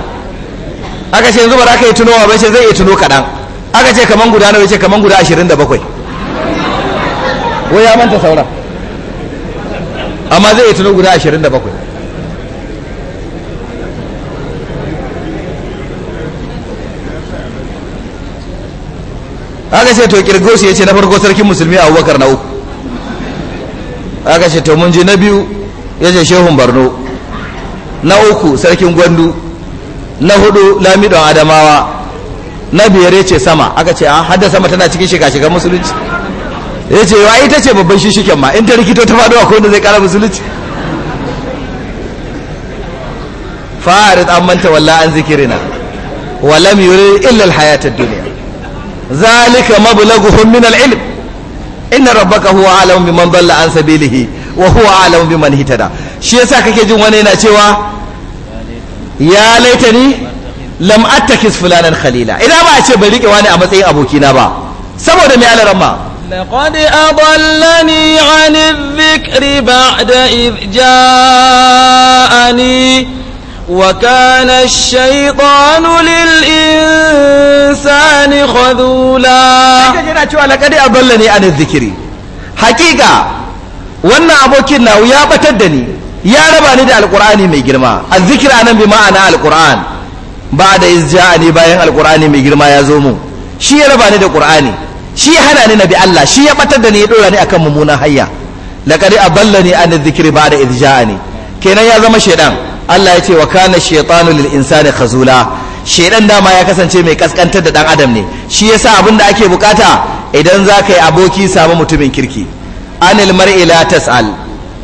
aka ce yanzu ba za ka yi tunowa ba ce zai yi tuno kaɗan aka ce kaman guda nawa ce kaman guda ashirin da bakwai wai ya manta sauran amma zai yi tuno guda ashirin da bakwai aka ce to kirgo ya yace na farko sarkin musulmi a wakar na uku aka ce to mun ji na biyu yace shehun barno na uku sarkin Gwandu na hudu Lamidon Adamawa na biyar ce sama aka ce a hadda sama tana cikin shiga-shiga musulunci yace wa ita ce babban shishiken ma in ta rikito ta faɗo akwai wanda zai kara musulunci fa'arit an manta walla an zikirina walam yuri illa alhayatad duniya zalika mablaguhum min al-ilm inna rabbaka huwa alamu biman dalla an sabilihi wa huwa alamu biman hitada shi yasa kake jin wani yana cewa ya laitani lam attakis fulanan khalila idan ba a ce bai rike wani a matsayin abokina ba saboda mai alaran ma لقد أضلني عن الذكر بعد إذ جاءني وكان الشيطان للإنسان خذولا لقد أضلني عن الذكر حقيقة وانا أبوكي الله يا بتدني يا رب أنا القرآن مي جرما الذكر أنا بمعنى القرآن بعد إذ جاءني باين القرآن مي جرما يا زومو شي يا رب أنا القرآن شي هنا أنا نبي الله شي يا بتدني يقول أنا أكم ممونا هيا لقد أضلني عن الذكر بعد إذ جاءني كنا يا زما شيطان Allah ya ce wa kana shaytanu lil insani khazula shaydan dama ya kasance mai kaskantar da dan adam ne shi yasa abin da ake bukata idan za ka yi aboki samu mutumin kirki anil mar'i la tas'al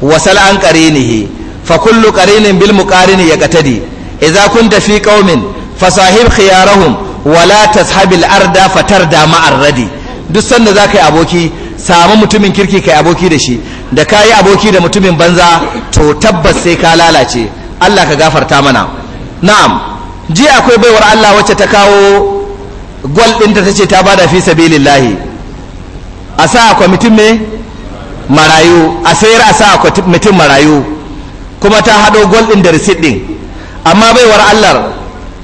wa sal an qarinihi fa kullu qarinin bil muqarini yaqtadi idza kunta fi qaumin fasahib khiyarahum wa la tashabil arda fatarda ma'ar radi duk sanda za ka yi aboki samu mutumin kirki kai aboki da shi da ka yi aboki da mutumin banza to tabbas sai ka lalace Allah ka gafarta mana na'am jiya akwai baiwar Allah wacce ta kawo gwal ɗinta ta ce ta bada fi sabilillahi a sa a kwamitin me marayu a sayar a sa a kwamitin marayu kuma ta haɗo gwal ɗin da risit ɗin amma baiwar Allah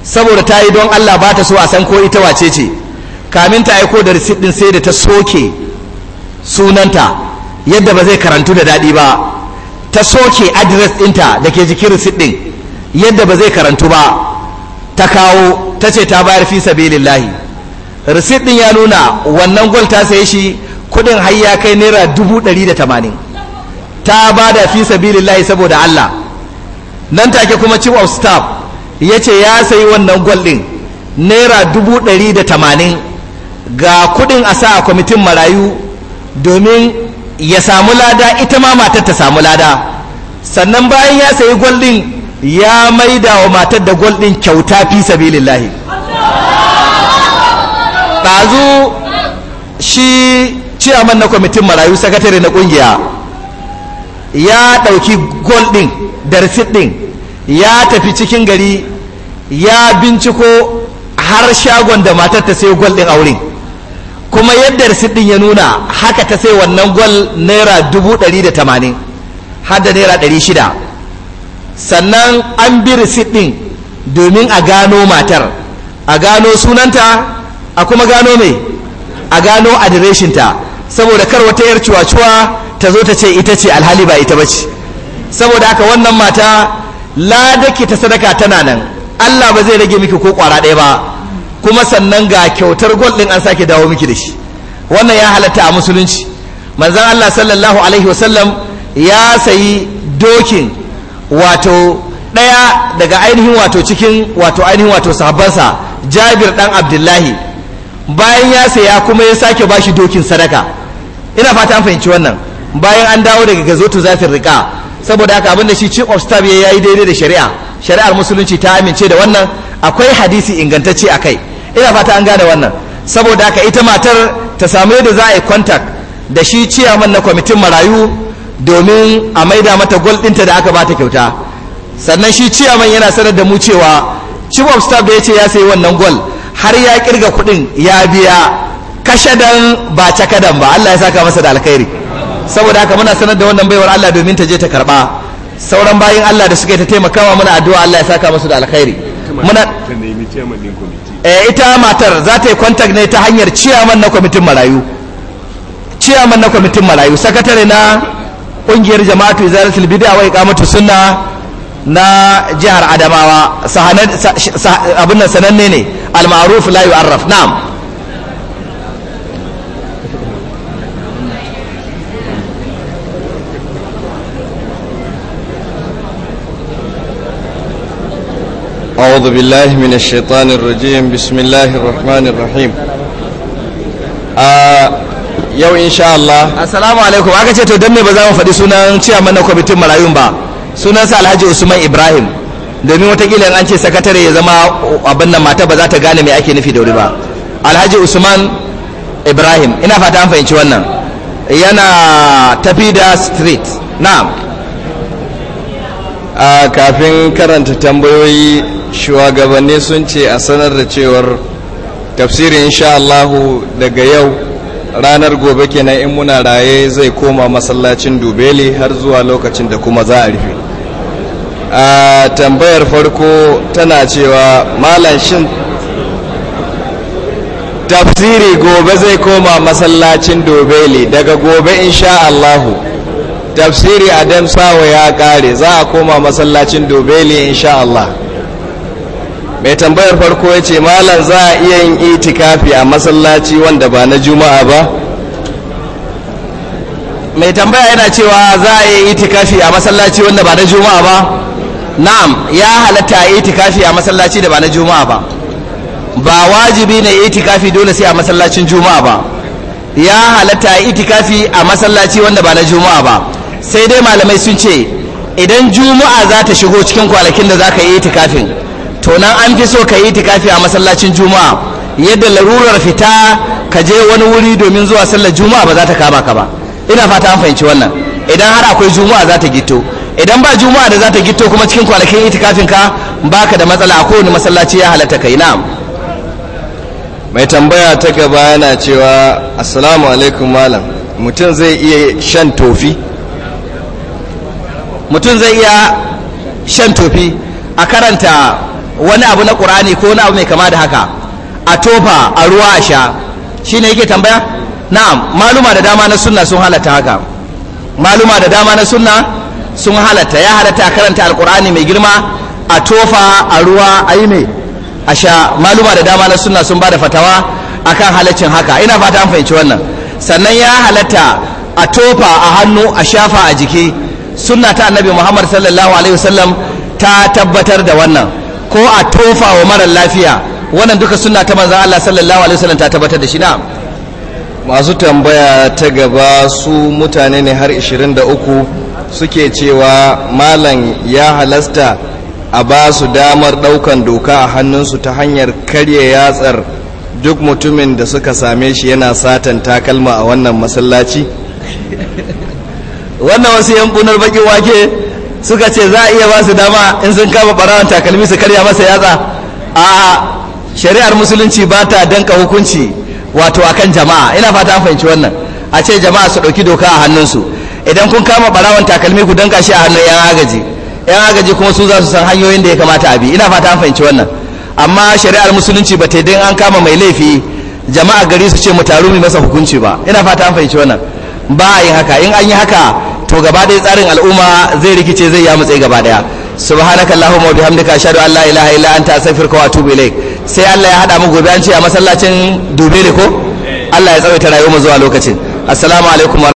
saboda ta yi don Allah ba ta so a san ko ita wace ce kamin ta aiko da risit ɗin sai da ta soke sunanta yadda ba zai karantu da daɗi ba ta soke adres ɗinta da ke jikin risit ɗin yadda ba zai karantu ba ta kawo ta ce ta bayar fi sabilillahi risit ɗin ya nuna wannan gwal ta saye shi kudin har kai naira dubu ɗari da tamanin ta ba da fi sabilillahi saboda Allah nan take kuma chief of staff ya ce ya sayi wannan gwal ɗin naira dubu ɗari da tamanin ga kudin a sa a kwamitin marayu domin ya samu lada ita ma matar ta samu lada sannan bayan ya sayi gwal din ya maida wa matar da gwal din kyauta fi sabilillahi ɗazu shi ciyaman na kwamitin marayu sakatare na ƙungiya ya ɗauki gwal ɗin da risit ya tafi cikin gari ya binciko har shagon da matar ta sai gol ɗin a kuma yadda risit ɗin ya nuna haka ta sai wannan gwal naira dubu ɗari da tamanin har da naira ɗari shida sannan an bi risit ɗin domin a gano matar a gano sunanta a kuma gano mai a gano adireshinta saboda kar wata yar cuwa-cuwa ta zo ta ce ita ce alhali ba ita bace saboda haka wannan mata ladaki ta sadaka tana nan Allah ba zai rage miki ko kwara ɗaya ba kuma sannan ga kyautar gol din an sake dawo miki da shi wannan ya halatta a musulunci manzan Allah sallallahu alaihi wasallam ya sayi dokin wato ɗaya daga ainihin wato cikin wato ainihin wato sahabbansa jabir dan abdullahi bayan ya saya kuma ya sake bashi dokin sadaka ina fata an fahimci wannan bayan an dawo daga gazotu zafin rika saboda haka abinda shi chief of staff ya yi daidai da shari'a shari'ar musulunci ta amince da wannan akwai hadisi ingantacce a kai ina fata an gane wannan saboda haka ita matar ta samu yadda za a yi kwantak da shi ciyaman na kwamitin marayu domin a maida mata gol ɗinta da aka bata kyauta sannan shi ciyaman yana sanar da mu cewa chief of staff da ya ce ya sayi wannan gol har ya kirga kuɗin ya biya kashadan ba cakadan ba Allah ya saka masa da alkhairi saboda haka muna sanar da wannan baiwar Allah domin ta je ta karba sauran bayin Allah da suka yi ta taimakawa muna addu'a Allah ya saka masu da alkhairi eh ita matar za ta yi contact ne ta hanyar ciyaman na kwamitin marayu ciyaman na kwamitin marayu sakatare na kungiyar jama'atu izalatul awai wa iqamatu sunna na jihar Adamawa sahanan sananne ne al-ma'ruf la yu'arraf na'am أعوذ بالله من الشيطان الرجيم بسم الله الرحمن الرحيم yau insha Allah assalamu aka ce to dan me ba za mu faɗi sunan ciyaman mana kwamitin marayun ba sunansa alhaji usman ibrahim domin watakila an ce sakatare ya zama abin nan mata ba za ta gane me ake nufi da wuri ba alhaji usman ibrahim ina fata an fahimci wannan yana tafi da street na'am kafin karanta tambayoyi shugabanni sun ce a sanar da cewar tafsiri insha Allahu daga yau ranar gobe kenan in muna raye zai koma masallacin dubeli har zuwa lokacin da kuma za a rufe a tambayar farko tana cewa malam shin tafsiri gobe zai koma masallacin dobeli daga gobe insha Allahu tafsiri a damsawa ya kare za a koma masallacin dobeli insha Allah mai tambayar farko ya ce malam za a iya yin itikafi a masallaci wanda ba na juma'a ba mai tambaya yana cewa za a yi itikafi a masallaci wanda ba na juma'a ba na'am ya halatta a itikafi a masallaci da ba na juma'a ba ba wajibi ne itikafi dole sai a masallacin juma'a ba ya halatta a itikafi a masallaci wanda ba na juma'a ba sai dai malamai sun ce idan juma'a za ta shigo cikin kwanakin da za ka yi itikafin to nan an fi so ka yi tikafi a masallacin juma'a yadda larurar fita ka je wani wuri domin zuwa sallar juma'a ba za ta kama ka ba ina fata an fahimci wannan idan har akwai juma'a za ta gito idan ba juma'a da za ta gito kuma cikin kwanakin itikafin ka baka da matsala a kowane masallaci ya halatta kai na'am mai tambaya ta gaba yana cewa assalamu alaikum malam mutum zai iya shan tofi mutum zai iya shan tofi a karanta wani abu na ƙurani ko wani abu mai kama da haka a tofa a ruwa a sha shi ne yake tambaya na'am maluma da dama na sunna sun halatta haka maluma da dama na sunna sun halatta ya halatta a karanta alƙurani mai girma a tofa a ruwa a yi mai a sha maluma da dama na sunna sun ba da fatawa akan halaccin haka ina fata an fahimci wannan sannan ya halatta a tofa a hannu a shafa a jiki sunna ta annabi muhammad sallallahu alaihi wasallam ta tabbatar da wannan ko a tofa wa marar lafiya wannan duka suna ta manzan Allah sallallahu alaihi wasallam ta tabbatar da shi na masu tambaya ta gaba su mutane ne har 23 suke cewa malam ya halasta a ba su damar daukan doka a hannunsu ta hanyar karya yatsar duk mutumin da suka same shi yana satan takalma a wannan masallaci wannan wasu yan bunar baƙin wake suka ce za a iya ba su dama in sun kama barawan takalmi su karya masa yatsa a shari'ar musulunci ba ta danka hukunci wato akan jama'a ina fata an fahimci wannan a ce jama'a su ɗauki doka a hannunsu idan kun kama barawan takalmi ku danka shi a hannun yan agaji yan agaji kuma su za su san hanyoyin da ya kamata a bi ina fata an fahimci wannan amma shari'ar musulunci ba ta idan an kama mai laifi jama'a gari su ce mu taru mu masa hukunci ba ina fata an fahimci wannan ba a yin haka in an yi haka to gaba ɗaya tsarin al'umma zai rikice zai ya mutse gaba daya subhanaka allahumma wa bihamdika ashhadu an la ilaha illa anta astaghfiruka wa atubu ilaik sai Allah ya hada mu gobe an ce a masallacin Dubele ko Allah ya tsawaita rayuwar mu zuwa lokacin assalamu alaikum